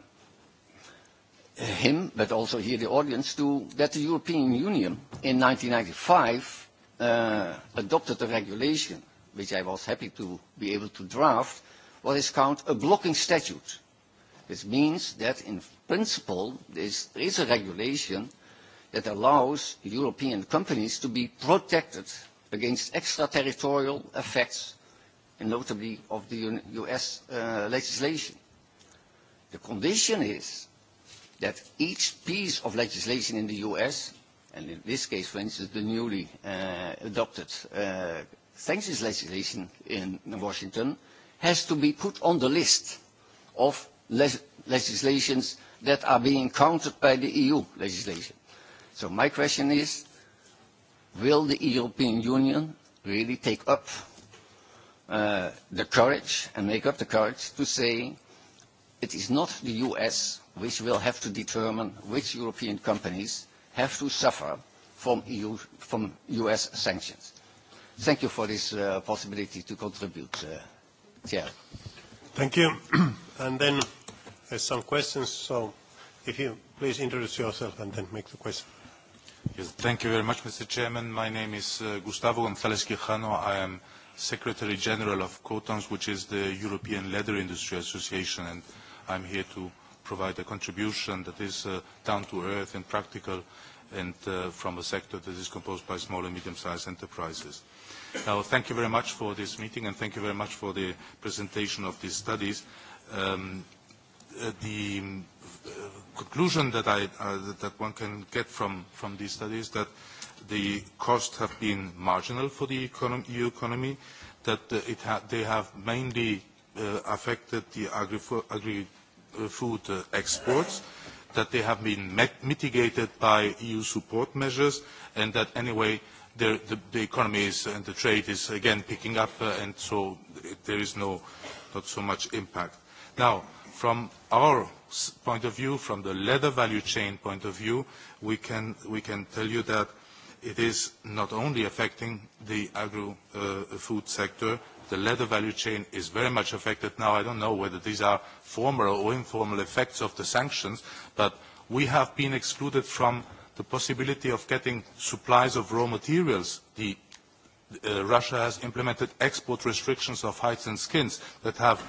him, but also here the audience, to that the European Union in 1995 uh, adopted a regulation – which I was happy to be able to draft, what is called a blocking statute. This means that in principle there is, is a regulation that allows European companies to be protected against extraterritorial effects, and notably of the US uh, legislation. The condition is that each piece of legislation in the US, and in this case, for instance, the newly uh, adopted uh, sanctions legislation in Washington has to be put on the list of les legislations that are being countered by the EU legislation. So my question is, will the European Union really take up uh, the courage and make up the courage to say it is not the US which will have to determine which European companies have to suffer from, EU, from US sanctions? Thank you for this uh, possibility to contribute, uh, Chair. Thank you. <clears throat> and then there's some questions, so if you please introduce yourself and then make the question. Yes, thank you very much, Mr. Chairman. My name is uh, Gustavo González Quijano. I am Secretary General of COTANS, which is the European Leather Industry Association, and I'm here to provide a contribution that is uh, down to earth and practical and uh, from a sector that is composed by small and medium-sized enterprises. Now, thank you very much for this meeting, and thank you very much for the presentation of these studies. Um, uh, the um, uh, conclusion that, I, uh, that one can get from, from these studies is that the costs have been marginal for the economy, EU economy, that uh, it ha they have mainly uh, affected the agri-food agri uh, uh, exports, that they have been mitigated by EU support measures and that anyway the, the, the economy is, and the trade is again picking up uh, and so there is no, not so much impact. Now, from our point of view, from the leather value chain point of view, we can, we can tell you that it is not only affecting the agro-food uh, sector, the leather value chain is very much affected now. I don't know whether these are formal or informal effects of the sanctions, but we have been excluded from the possibility of getting supplies of raw materials. The, uh, Russia has implemented export restrictions of hides and skins that have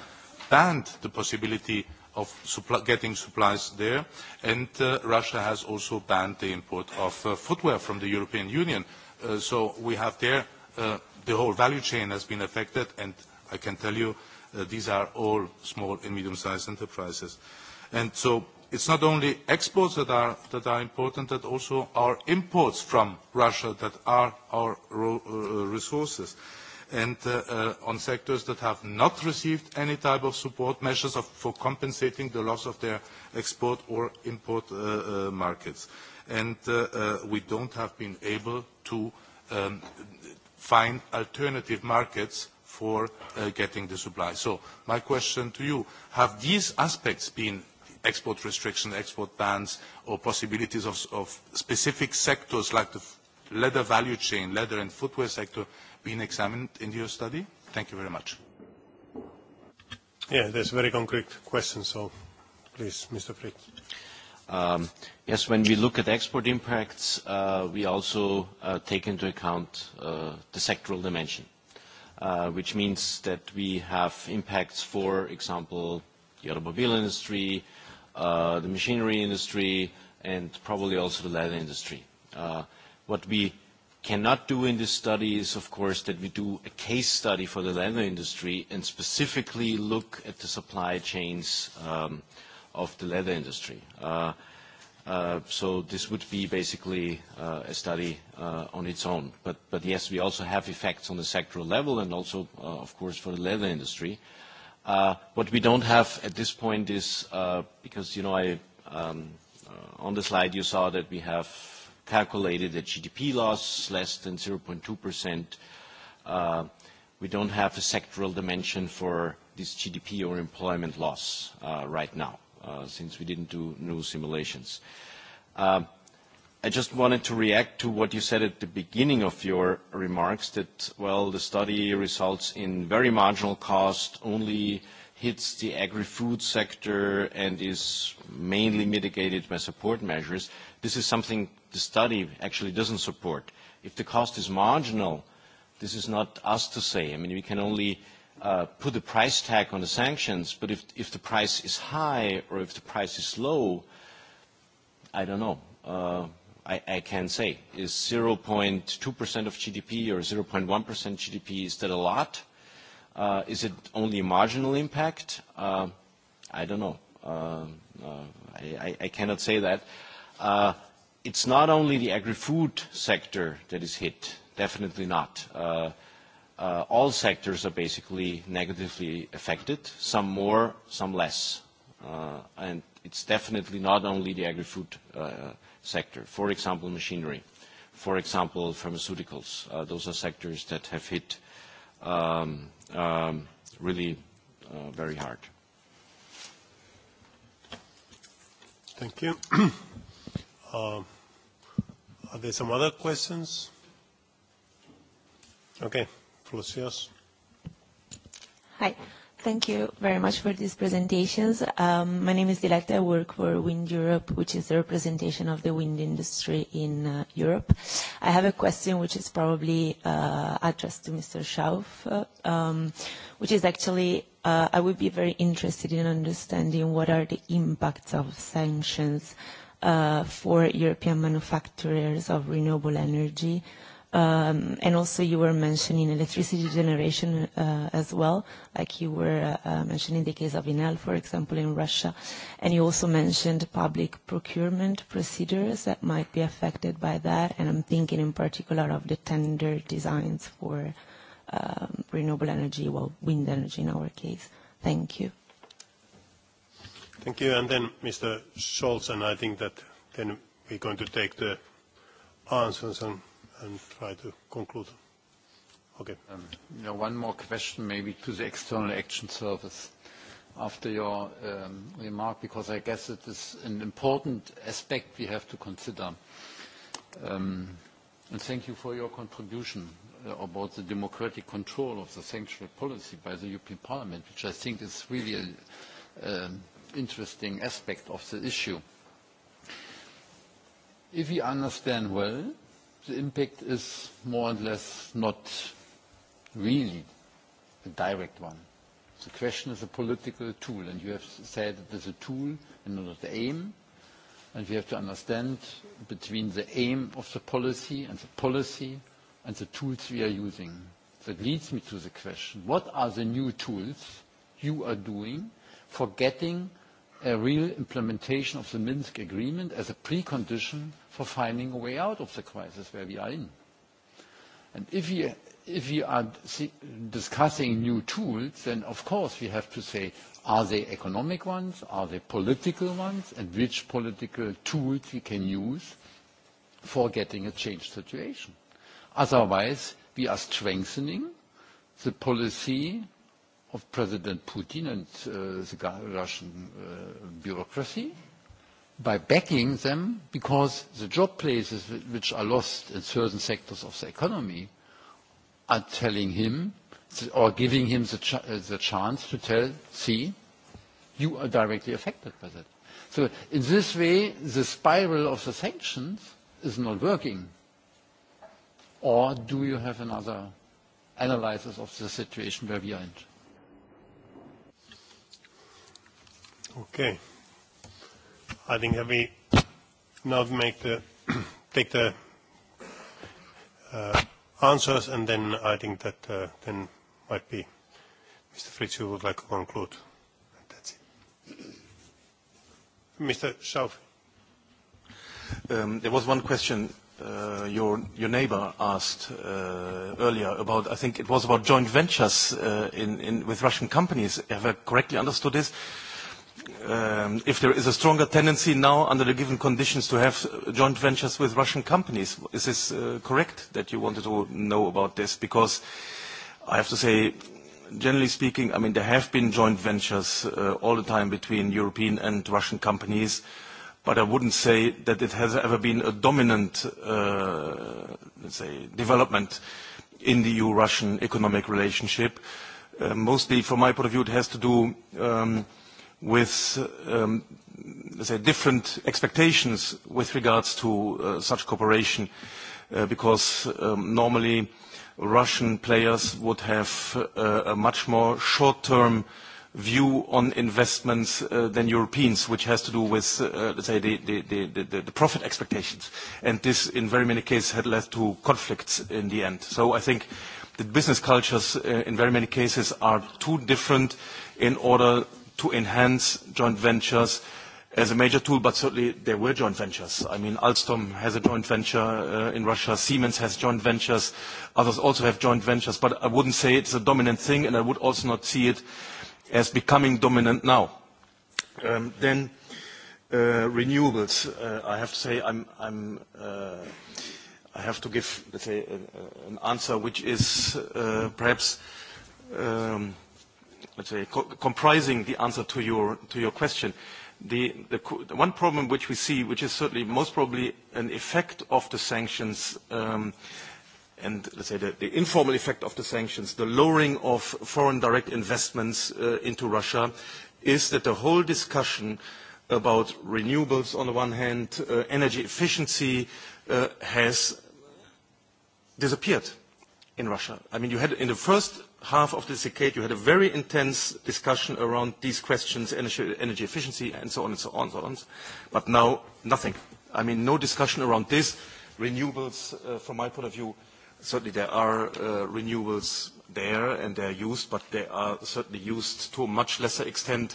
banned the possibility of supply, getting supplies there. And uh, Russia has also banned the import of uh, footwear from the European Union. Uh, so we have there uh, the whole value chain has been affected, and I can tell you uh, these are all small and medium-sized enterprises. And so it's not only exports that are, that are important, but also our imports from Russia that are our ro uh, resources. And uh, uh, on sectors that have not received any type of support measures of, for compensating the loss of their export or import uh, uh, markets. And uh, uh, we don't have been able to um, find alternative markets for uh, getting the supply. So my question to you, have these aspects been export restrictions, export bans, or possibilities of, of specific sectors like the leather value chain, leather and footwear sector, been examined in your study? Thank you very much. Yeah, that's a very concrete question, so please, Mr. Fritz. Um, yes, when we look at export impacts, uh, we also uh, take into account uh, the sectoral dimension, uh, which means that we have impacts, for example, the automobile industry, uh, the machinery industry, and probably also the leather industry. Uh, what we cannot do in this study is, of course, that we do a case study for the leather industry and specifically look at the supply chains um, of the leather industry. Uh, uh, so this would be basically uh, a study uh, on its own. But, but yes, we also have effects on the sectoral level and also, uh, of course, for the leather industry. Uh, what we don't have at this point is, uh, because, you know, I, um, uh, on the slide you saw that we have calculated a GDP loss less than 0.2%. Uh, we don't have a sectoral dimension for this GDP or employment loss uh, right now. Uh, since we didn't do new simulations. Uh, I just wanted to react to what you said at the beginning of your remarks that, well, the study results in very marginal cost, only hits the agri-food sector and is mainly mitigated by support measures. This is something the study actually doesn't support. If the cost is marginal, this is not us to say. I mean, we can only uh, uh, put a price tag on the sanctions, but if, if the price is high or if the price is low, I don't know. Uh, I, I can't say. Is 0.2% of GDP or 0.1% GDP, is that a lot? Uh, is it only a marginal impact? Uh, I don't know. Uh, uh, I, I cannot say that. Uh, it's not only the agri-food sector that is hit, definitely not. Uh, uh, all sectors are basically negatively affected, some more, some less. Uh, and it's definitely not only the agri-food uh, sector. For example, machinery. For example, pharmaceuticals. Uh, those are sectors that have hit um, um, really uh, very hard. Thank you. <clears throat> uh, are there some other questions? Okay. Hi. Thank you very much for these presentations. Um, my name is Dilekta. I work for Wind Europe, which is the representation of the wind industry in uh, Europe. I have a question which is probably uh, addressed to Mr. Schauff, uh, um, which is actually, I would be very interested in understanding what are the impacts of sanctions for European manufacturers of renewable energy Um, and also you were mentioning electricity generation uh, as well, like you were uh, uh, mentioning the case of Enel, for example, in Russia. And you also mentioned public procurement procedures that might be affected by that. And I'm thinking in particular of the tender designs for um, renewable energy, well, wind energy in our case. Thank you. Thank you. And then Mr. Scholz, and I think that then we're going to take the answers and and try to conclude. Okay. Um, you know, one more question maybe to the External Action Service after your um, remark, because I guess it is an important aspect we have to consider. Um, and thank you for your contribution uh, about the democratic control of the sanctuary policy by the European Parliament, which I think is really an uh, um, interesting aspect of the issue. If we understand well, the impact is more or less not really a direct one. The question is a political tool, and you have said it is a tool and not the aim. And we have to understand between the aim of the policy and the policy and the tools we are using. That leads me to the question, what are the new tools you are doing for getting a real implementation of the Minsk Agreement as a precondition for finding a way out of the crisis where we are in. And if we, if we are discussing new tools, then of course we have to say, are they economic ones? Are they political ones? And which political tools we can use for getting a changed situation? Otherwise, we are strengthening the policy of President Putin and uh, the Russian uh, bureaucracy by backing them because the job places which are lost in certain sectors of the economy are telling him or giving him the, ch uh, the chance to tell, see, you are directly affected by that. So in this way, the spiral of the sanctions is not working. Or do you have another analysis of the situation where we are in? Okay. I think that we now make the <clears throat> take the uh, answers, and then I think that uh, then might be Mr. Fritz, you would like to conclude. That's it. Mr. Schauf. Um, there was one question uh, your your neighbor asked uh, earlier about. I think it was about joint ventures uh, in, in with Russian companies. Have I correctly understood this? Uh, um, if there is a stronger tendency now under the given conditions to have joint ventures with Russian companies. Is this uh, correct that you wanted to know about this? Because I have to say, generally speaking, I mean, there have been joint ventures uh, all the time between European and Russian companies, but I wouldn't say that it has ever been a dominant, uh, let's say, development in the EU-Russian economic relationship. Uh, mostly, from my point of view, it has to do um, – with um, let's say different expectations with regards to uh, such cooperation uh, because um, normally Russian players would have uh, a much more short-term view on investments uh, than Europeans, which has to do with, uh, let's say, the, the, the, the, the profit expectations. And this, in very many cases, had led to conflicts in the end. So I think the business cultures, uh, in very many cases, are too different in order to enhance joint ventures as a major tool, but certainly there were joint ventures. I mean, Alstom has a joint venture uh, in Russia, Siemens has joint ventures, others also have joint ventures, but I wouldn't say it's a dominant thing, and I would also not see it as becoming dominant now. Um, then uh, renewables, uh, I have to say I'm, I'm, uh, I have to give, let's say, an, uh, an answer which is uh, perhaps um, let's say, co comprising the answer to your, to your question. The, the, the one problem which we see, which is certainly most probably an effect of the sanctions, um, and let's say the, the informal effect of the sanctions, the lowering of foreign direct investments uh, into Russia, is that the whole discussion about renewables on the one hand, uh, energy efficiency uh, has disappeared in Russia. I mean, you had in the first half of this decade, you had a very intense discussion around these questions, energy, energy efficiency, and so on and so on and so on. But now, nothing. I mean, no discussion around this. Renewables, uh, from my point of view, certainly there are uh, renewables there and they are used, but they are certainly used to a much lesser extent,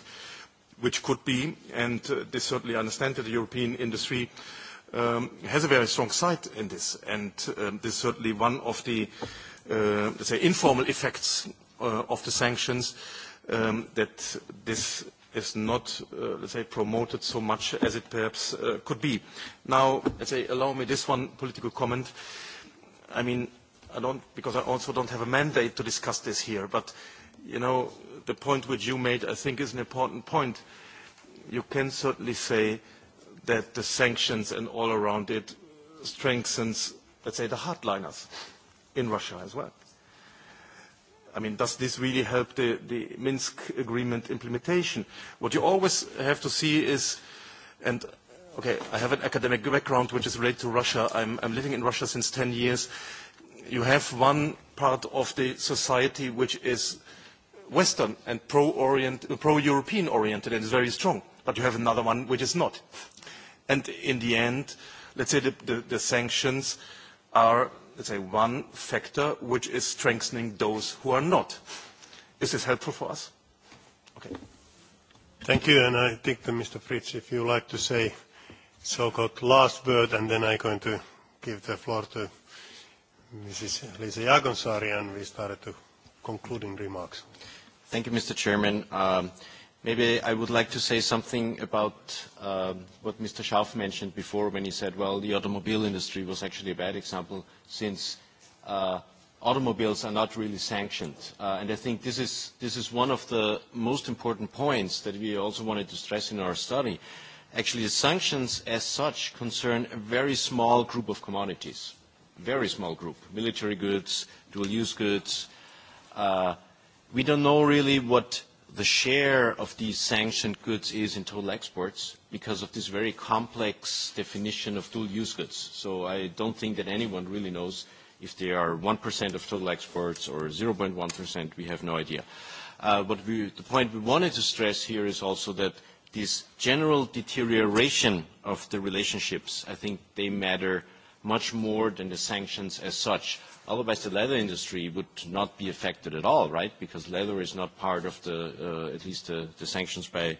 which could be, and uh, this certainly understand that the European industry um, has a very strong side in this, and um, this is certainly one of the uh, uh, let's say, informal effects uh, of the sanctions, um, that this is not, uh, let's say, promoted so much as it perhaps uh, could be. Now, let's say, allow me this one political comment. I mean, I don't, because I also don't have a mandate to discuss this here, but, you know, the point which you made, I think, is an important point. You can certainly say that the sanctions and all around it strengthens, let's say, the hardliners in Russia as well. I mean, does this really help the, the Minsk agreement implementation? What you always have to see is, and okay, I have an academic background which is related to Russia. I'm, I'm living in Russia since 10 years. You have one part of the society which is Western and pro-European pro oriented and is very strong, but you have another one which is not. And in the end, let's say the, the, the sanctions are let's say, one factor which is strengthening those who are not. Is this helpful for us? Okay. Thank you, and I think that Mr. Fritz, if you like to say so-called last word, and then I'm going to give the floor to Mrs. Lisa Jagonsari, and we started to concluding remarks. Thank you, Mr. Chairman. Um, Maybe I would like to say something about um, what Mr. Schaaf mentioned before when he said, well, the automobile industry was actually a bad example since uh, automobiles are not really sanctioned. Uh, and I think this is, this is one of the most important points that we also wanted to stress in our study. Actually, the sanctions as such concern a very small group of commodities, very small group, military goods, dual-use goods. Uh, we don't know really what the share of these sanctioned goods is in total exports because of this very complex definition of dual-use goods. So I don't think that anyone really knows if they are 1% of total exports or 0.1%. We have no idea. Uh, but we, the point we wanted to stress here is also that this general deterioration of the relationships, I think they matter much more than the sanctions as such. Otherwise, the leather industry would not be affected at all, right? Because leather is not part of the, uh, at least the, the sanctions by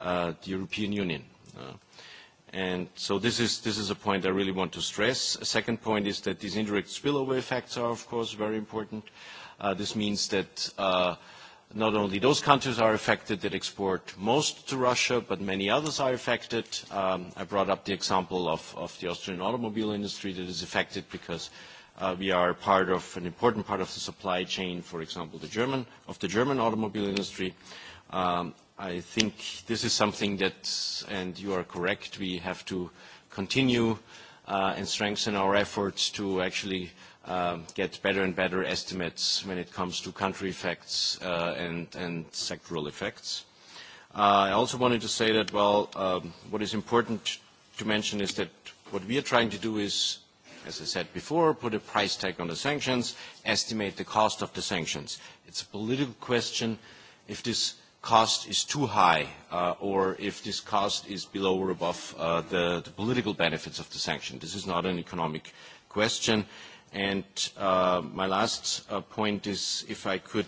uh, the European Union. Uh, and so this is, this is a point I really want to stress. A second point is that these indirect spillover effects are, of course, very important. Uh, this means that uh, not only those countries are affected that export most to Russia, but many others are affected. Um, I brought up the example of, of the Austrian automobile industry that is affected because uh, we are part of an important part of the supply chain, for example, the German, of the German automobile industry. Um, I think this is something that, and you are correct, we have to continue uh, and strengthen our efforts to actually Um, get better and better estimates when it comes to country effects uh, and, sectoral effects. Uh, I also wanted to say that, well, um, what is important to mention is that what we are trying to do is, as I said before, put a price tag on the sanctions, estimate the cost of the sanctions. It's a political question if this cost is too high uh, or if this cost is below or above the, political benefits of the sanction. This is not an economic question. And uh, my last uh, point is if I could,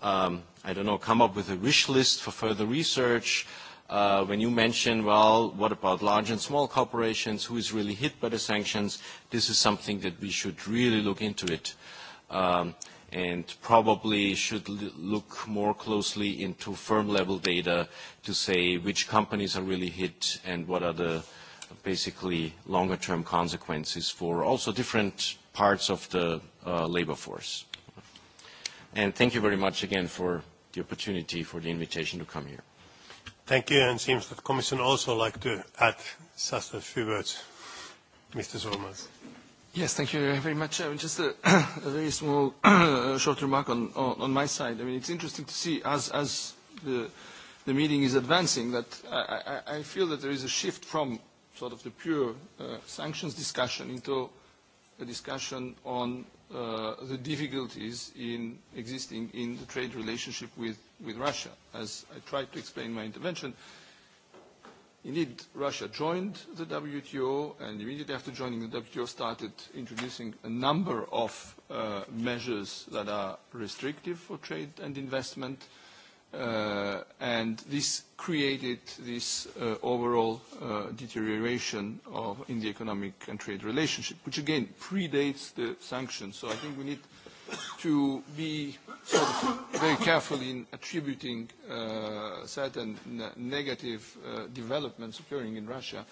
um, I don't know, come up with a wish list for further research. Uh, when you mention, well, what about large and small corporations? Who is really hit by the sanctions? This is something that we should really look into it. Um, and probably should look more closely into firm-level data to say which companies are really hit and what are the basically longer-term consequences for also different parts of the uh, labor force. And thank you very much again for the opportunity, for the invitation to come here. Thank you, and it seems that the Commission also like to add just a few words. Mr. Solomons. Yes, thank you very much. I uh, mean, just a, <coughs> a very small, <coughs> uh, short remark on, on, on my side. I mean, it's interesting to see as, as the, the meeting is advancing that I, I, I feel that there is a shift from sort of the pure uh, sanctions discussion into a discussion on uh, the difficulties in existing in the trade relationship with, with Russia. As I tried to explain in my intervention, indeed, Russia joined the WTO and immediately after joining the WTO started introducing a number of uh, measures that are restrictive for trade and investment uh, Uh, and this created this uh, overall uh, deterioration of, in the economic and trade relationship, which again predates the sanctions. So I think we need to be sort of very careful in attributing uh, certain negative uh, developments occurring in Russia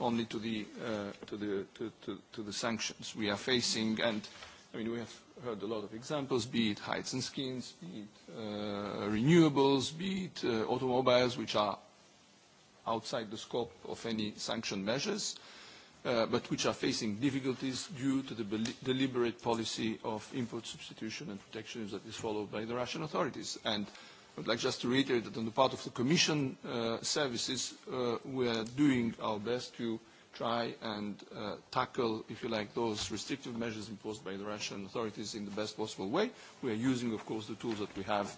only to the, uh, to, the, to, to, to the sanctions we are facing. And I mean, we have heard a lot of examples, be it heights and skins, be it uh, renewables, be it uh, automobiles, which are outside the scope of any sanction measures, uh, but which are facing difficulties due to the deliberate policy of import substitution and protectionism that is followed by the Russian authorities. And I would like just to reiterate that on the part of the Commission uh, services, uh, we are doing our best to uh, try and uh, tackle, if you like, those restrictive measures imposed by the Russian authorities in the best possible way. We are using, of course, the tools that we have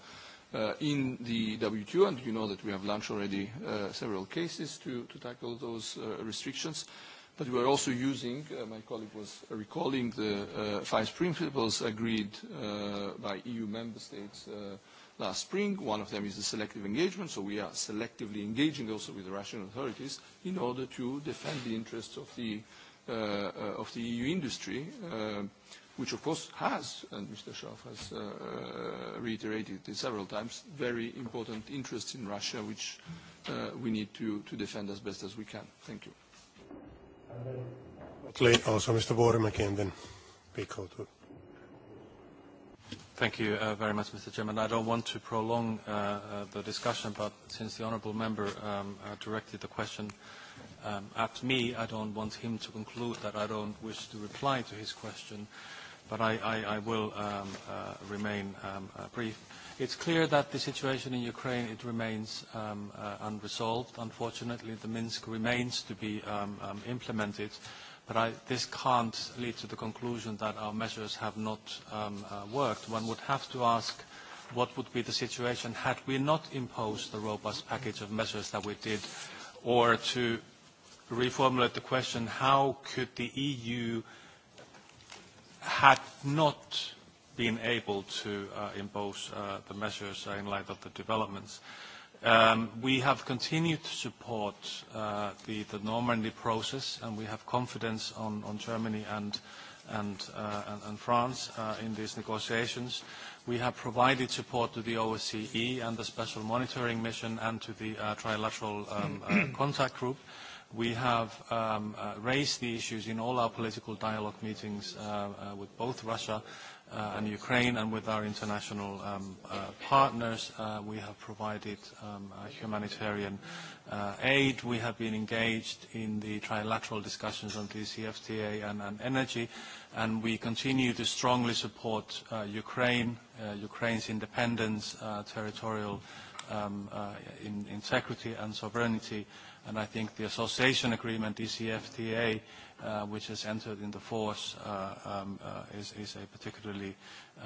uh, in the WTO, and you know that we have launched already uh, several cases to, to tackle those uh, restrictions. But we are also using, uh, my colleague was recalling the uh, five principles agreed uh, by EU member states uh, last spring. One of them is the selective engagement, so we are selectively engaging also with the Russian authorities in order to defend the interests of the, uh, of the EU industry, uh, which of course has, and Mr. Schaaf has uh, uh reiterated this several times, very important interests in Russia, which uh, we need to, to defend as best as we can. Thank you. Also, Mr. and then, Pico, too. Thank you uh, very much, Mr. Chairman. I don't want to prolong uh, uh, the discussion, but since the honourable member um, uh, directed the question um, at me, I don't want him to conclude that I don't wish to reply to his question, but I, I, I will um, uh, remain um, uh, brief. It's clear that the situation in Ukraine, it remains um, uh, unresolved. Unfortunately, the Minsk remains to be um, um, implemented. But I, this can't lead to the conclusion that our measures have not um, uh, worked. One would have to ask what would be the situation had we not imposed the robust package of measures that we did, or to reformulate the question, how could the EU had not been able to uh, impose uh, the measures uh, in light of the developments? Uh, Um, we have continued to support uh, the, the Normandy process, and we have confidence on, on Germany and, and, uh, and, and France uh, in these negotiations. We have provided support to the OSCE and the Special Monitoring Mission and to the uh, Trilateral um, uh, <clears throat> Contact Group. We have um, uh, raised the issues in all our political dialogue meetings uh, uh, with both Russia uh, and Ukraine and with our international um, uh, partners. Uh, we have provided um, uh, humanitarian uh, aid. We have been engaged in the trilateral discussions on CFTA and, and energy, and we continue to strongly support uh, Ukraine, uh, Ukraine's independence, uh, territorial um, uh, in integrity and sovereignty. And I think the association agreement, ECFTA uh, which has entered into force uh, um, uh, is, is a particularly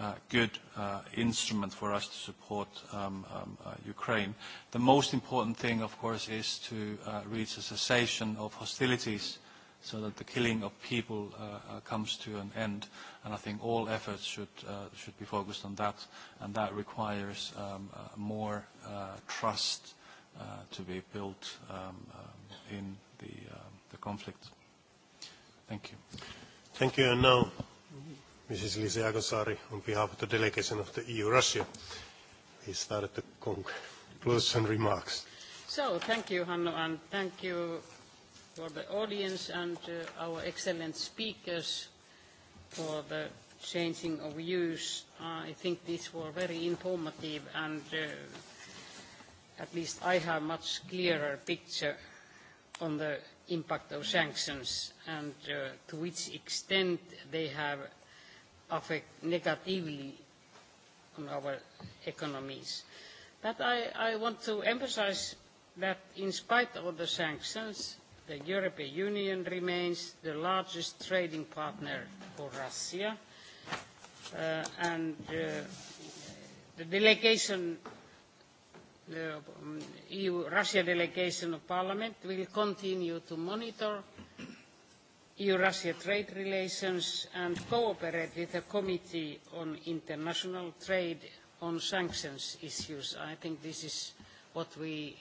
uh, good uh, instrument for us to support um, um, uh, Ukraine. The most important thing, of course, is to uh, reach a cessation of hostilities so that the killing of people uh, uh, comes to an end. And I think all efforts should, uh, should be focused on that, and that requires um, uh, more uh, trust uh, to be built um, um, in the, uh, the conflict. Thank you. Thank you. And now, Mrs. Lise Agosari, on behalf of the delegation of the EU-Russia, we started the conclusion remarks. So thank you, Hanno, and thank you for the audience and uh, our excellent speakers for the changing of views. Uh, I think these were very informative and uh, at least I have much clearer picture on the impact of sanctions and uh, to which extent they have affect negatively on our economies. But I, I want to emphasize that in spite of the sanctions, the European Union remains the largest trading partner for Russia, uh, and uh, the delegation the uh, EU-Russia delegation of Parliament will continue to monitor EU-Russia trade relations and cooperate with the Committee on International Trade on sanctions issues. I think this is what we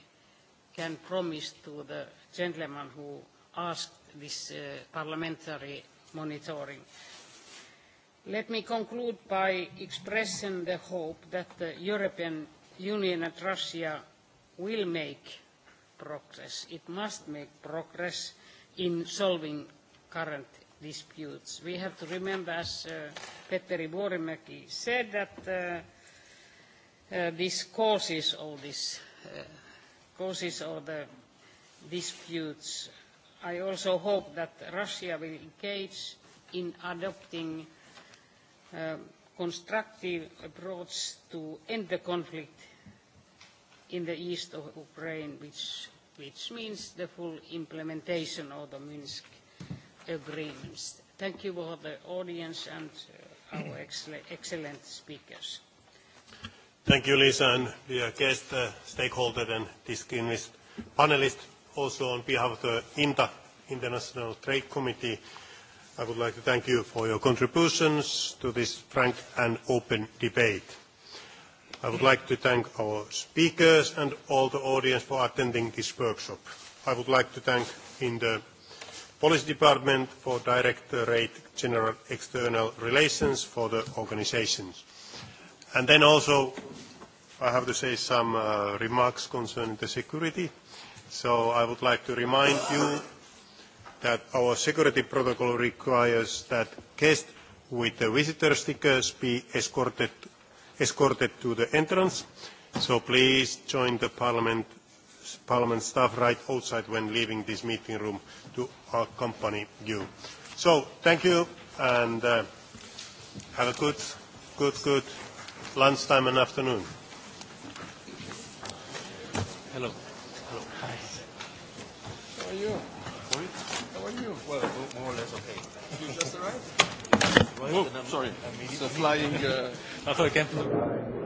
can promise to the gentleman who asked this uh, parliamentary monitoring. Let me conclude by expressing the hope that the European Union and Russia will make progress. It must make progress in solving current disputes. We have to remember, as uh, Petteri Vuorimäki said, that uh, uh, this causes of this, uh, causes of the disputes. I also hope that Russia will engage in adopting a um, constructive approach to end the conflict in the east of Ukraine, which, which means the full implementation of the Minsk agreements. Thank you for the audience and uh, our excellent speakers. Thank you, Lisa, and dear guest, uh, stakeholder, and distinguished panelist. Also, on behalf of the INTA, International Trade Committee, I would like to thank you for your contributions to this frank and open debate. I would like to thank our speakers and all the audience for attending this workshop. I would like to thank in the Policy Department for Directorate General External Relations for the organizations. And then also, I have to say some uh, remarks concerning the security. So I would like to remind you that our security protocol requires that guests with the visitor stickers be escorted escorted to the entrance. So please join the Parliament, Parliament staff right outside when leaving this meeting room to accompany you. So thank you and uh, have a good, good, good lunchtime and afternoon. Hello. Hello. Hi. How are you? How are you? Well, more or less okay. You just arrived? Right? Oh, sorry. It's a flying... Uh, Mevrouw Kempen.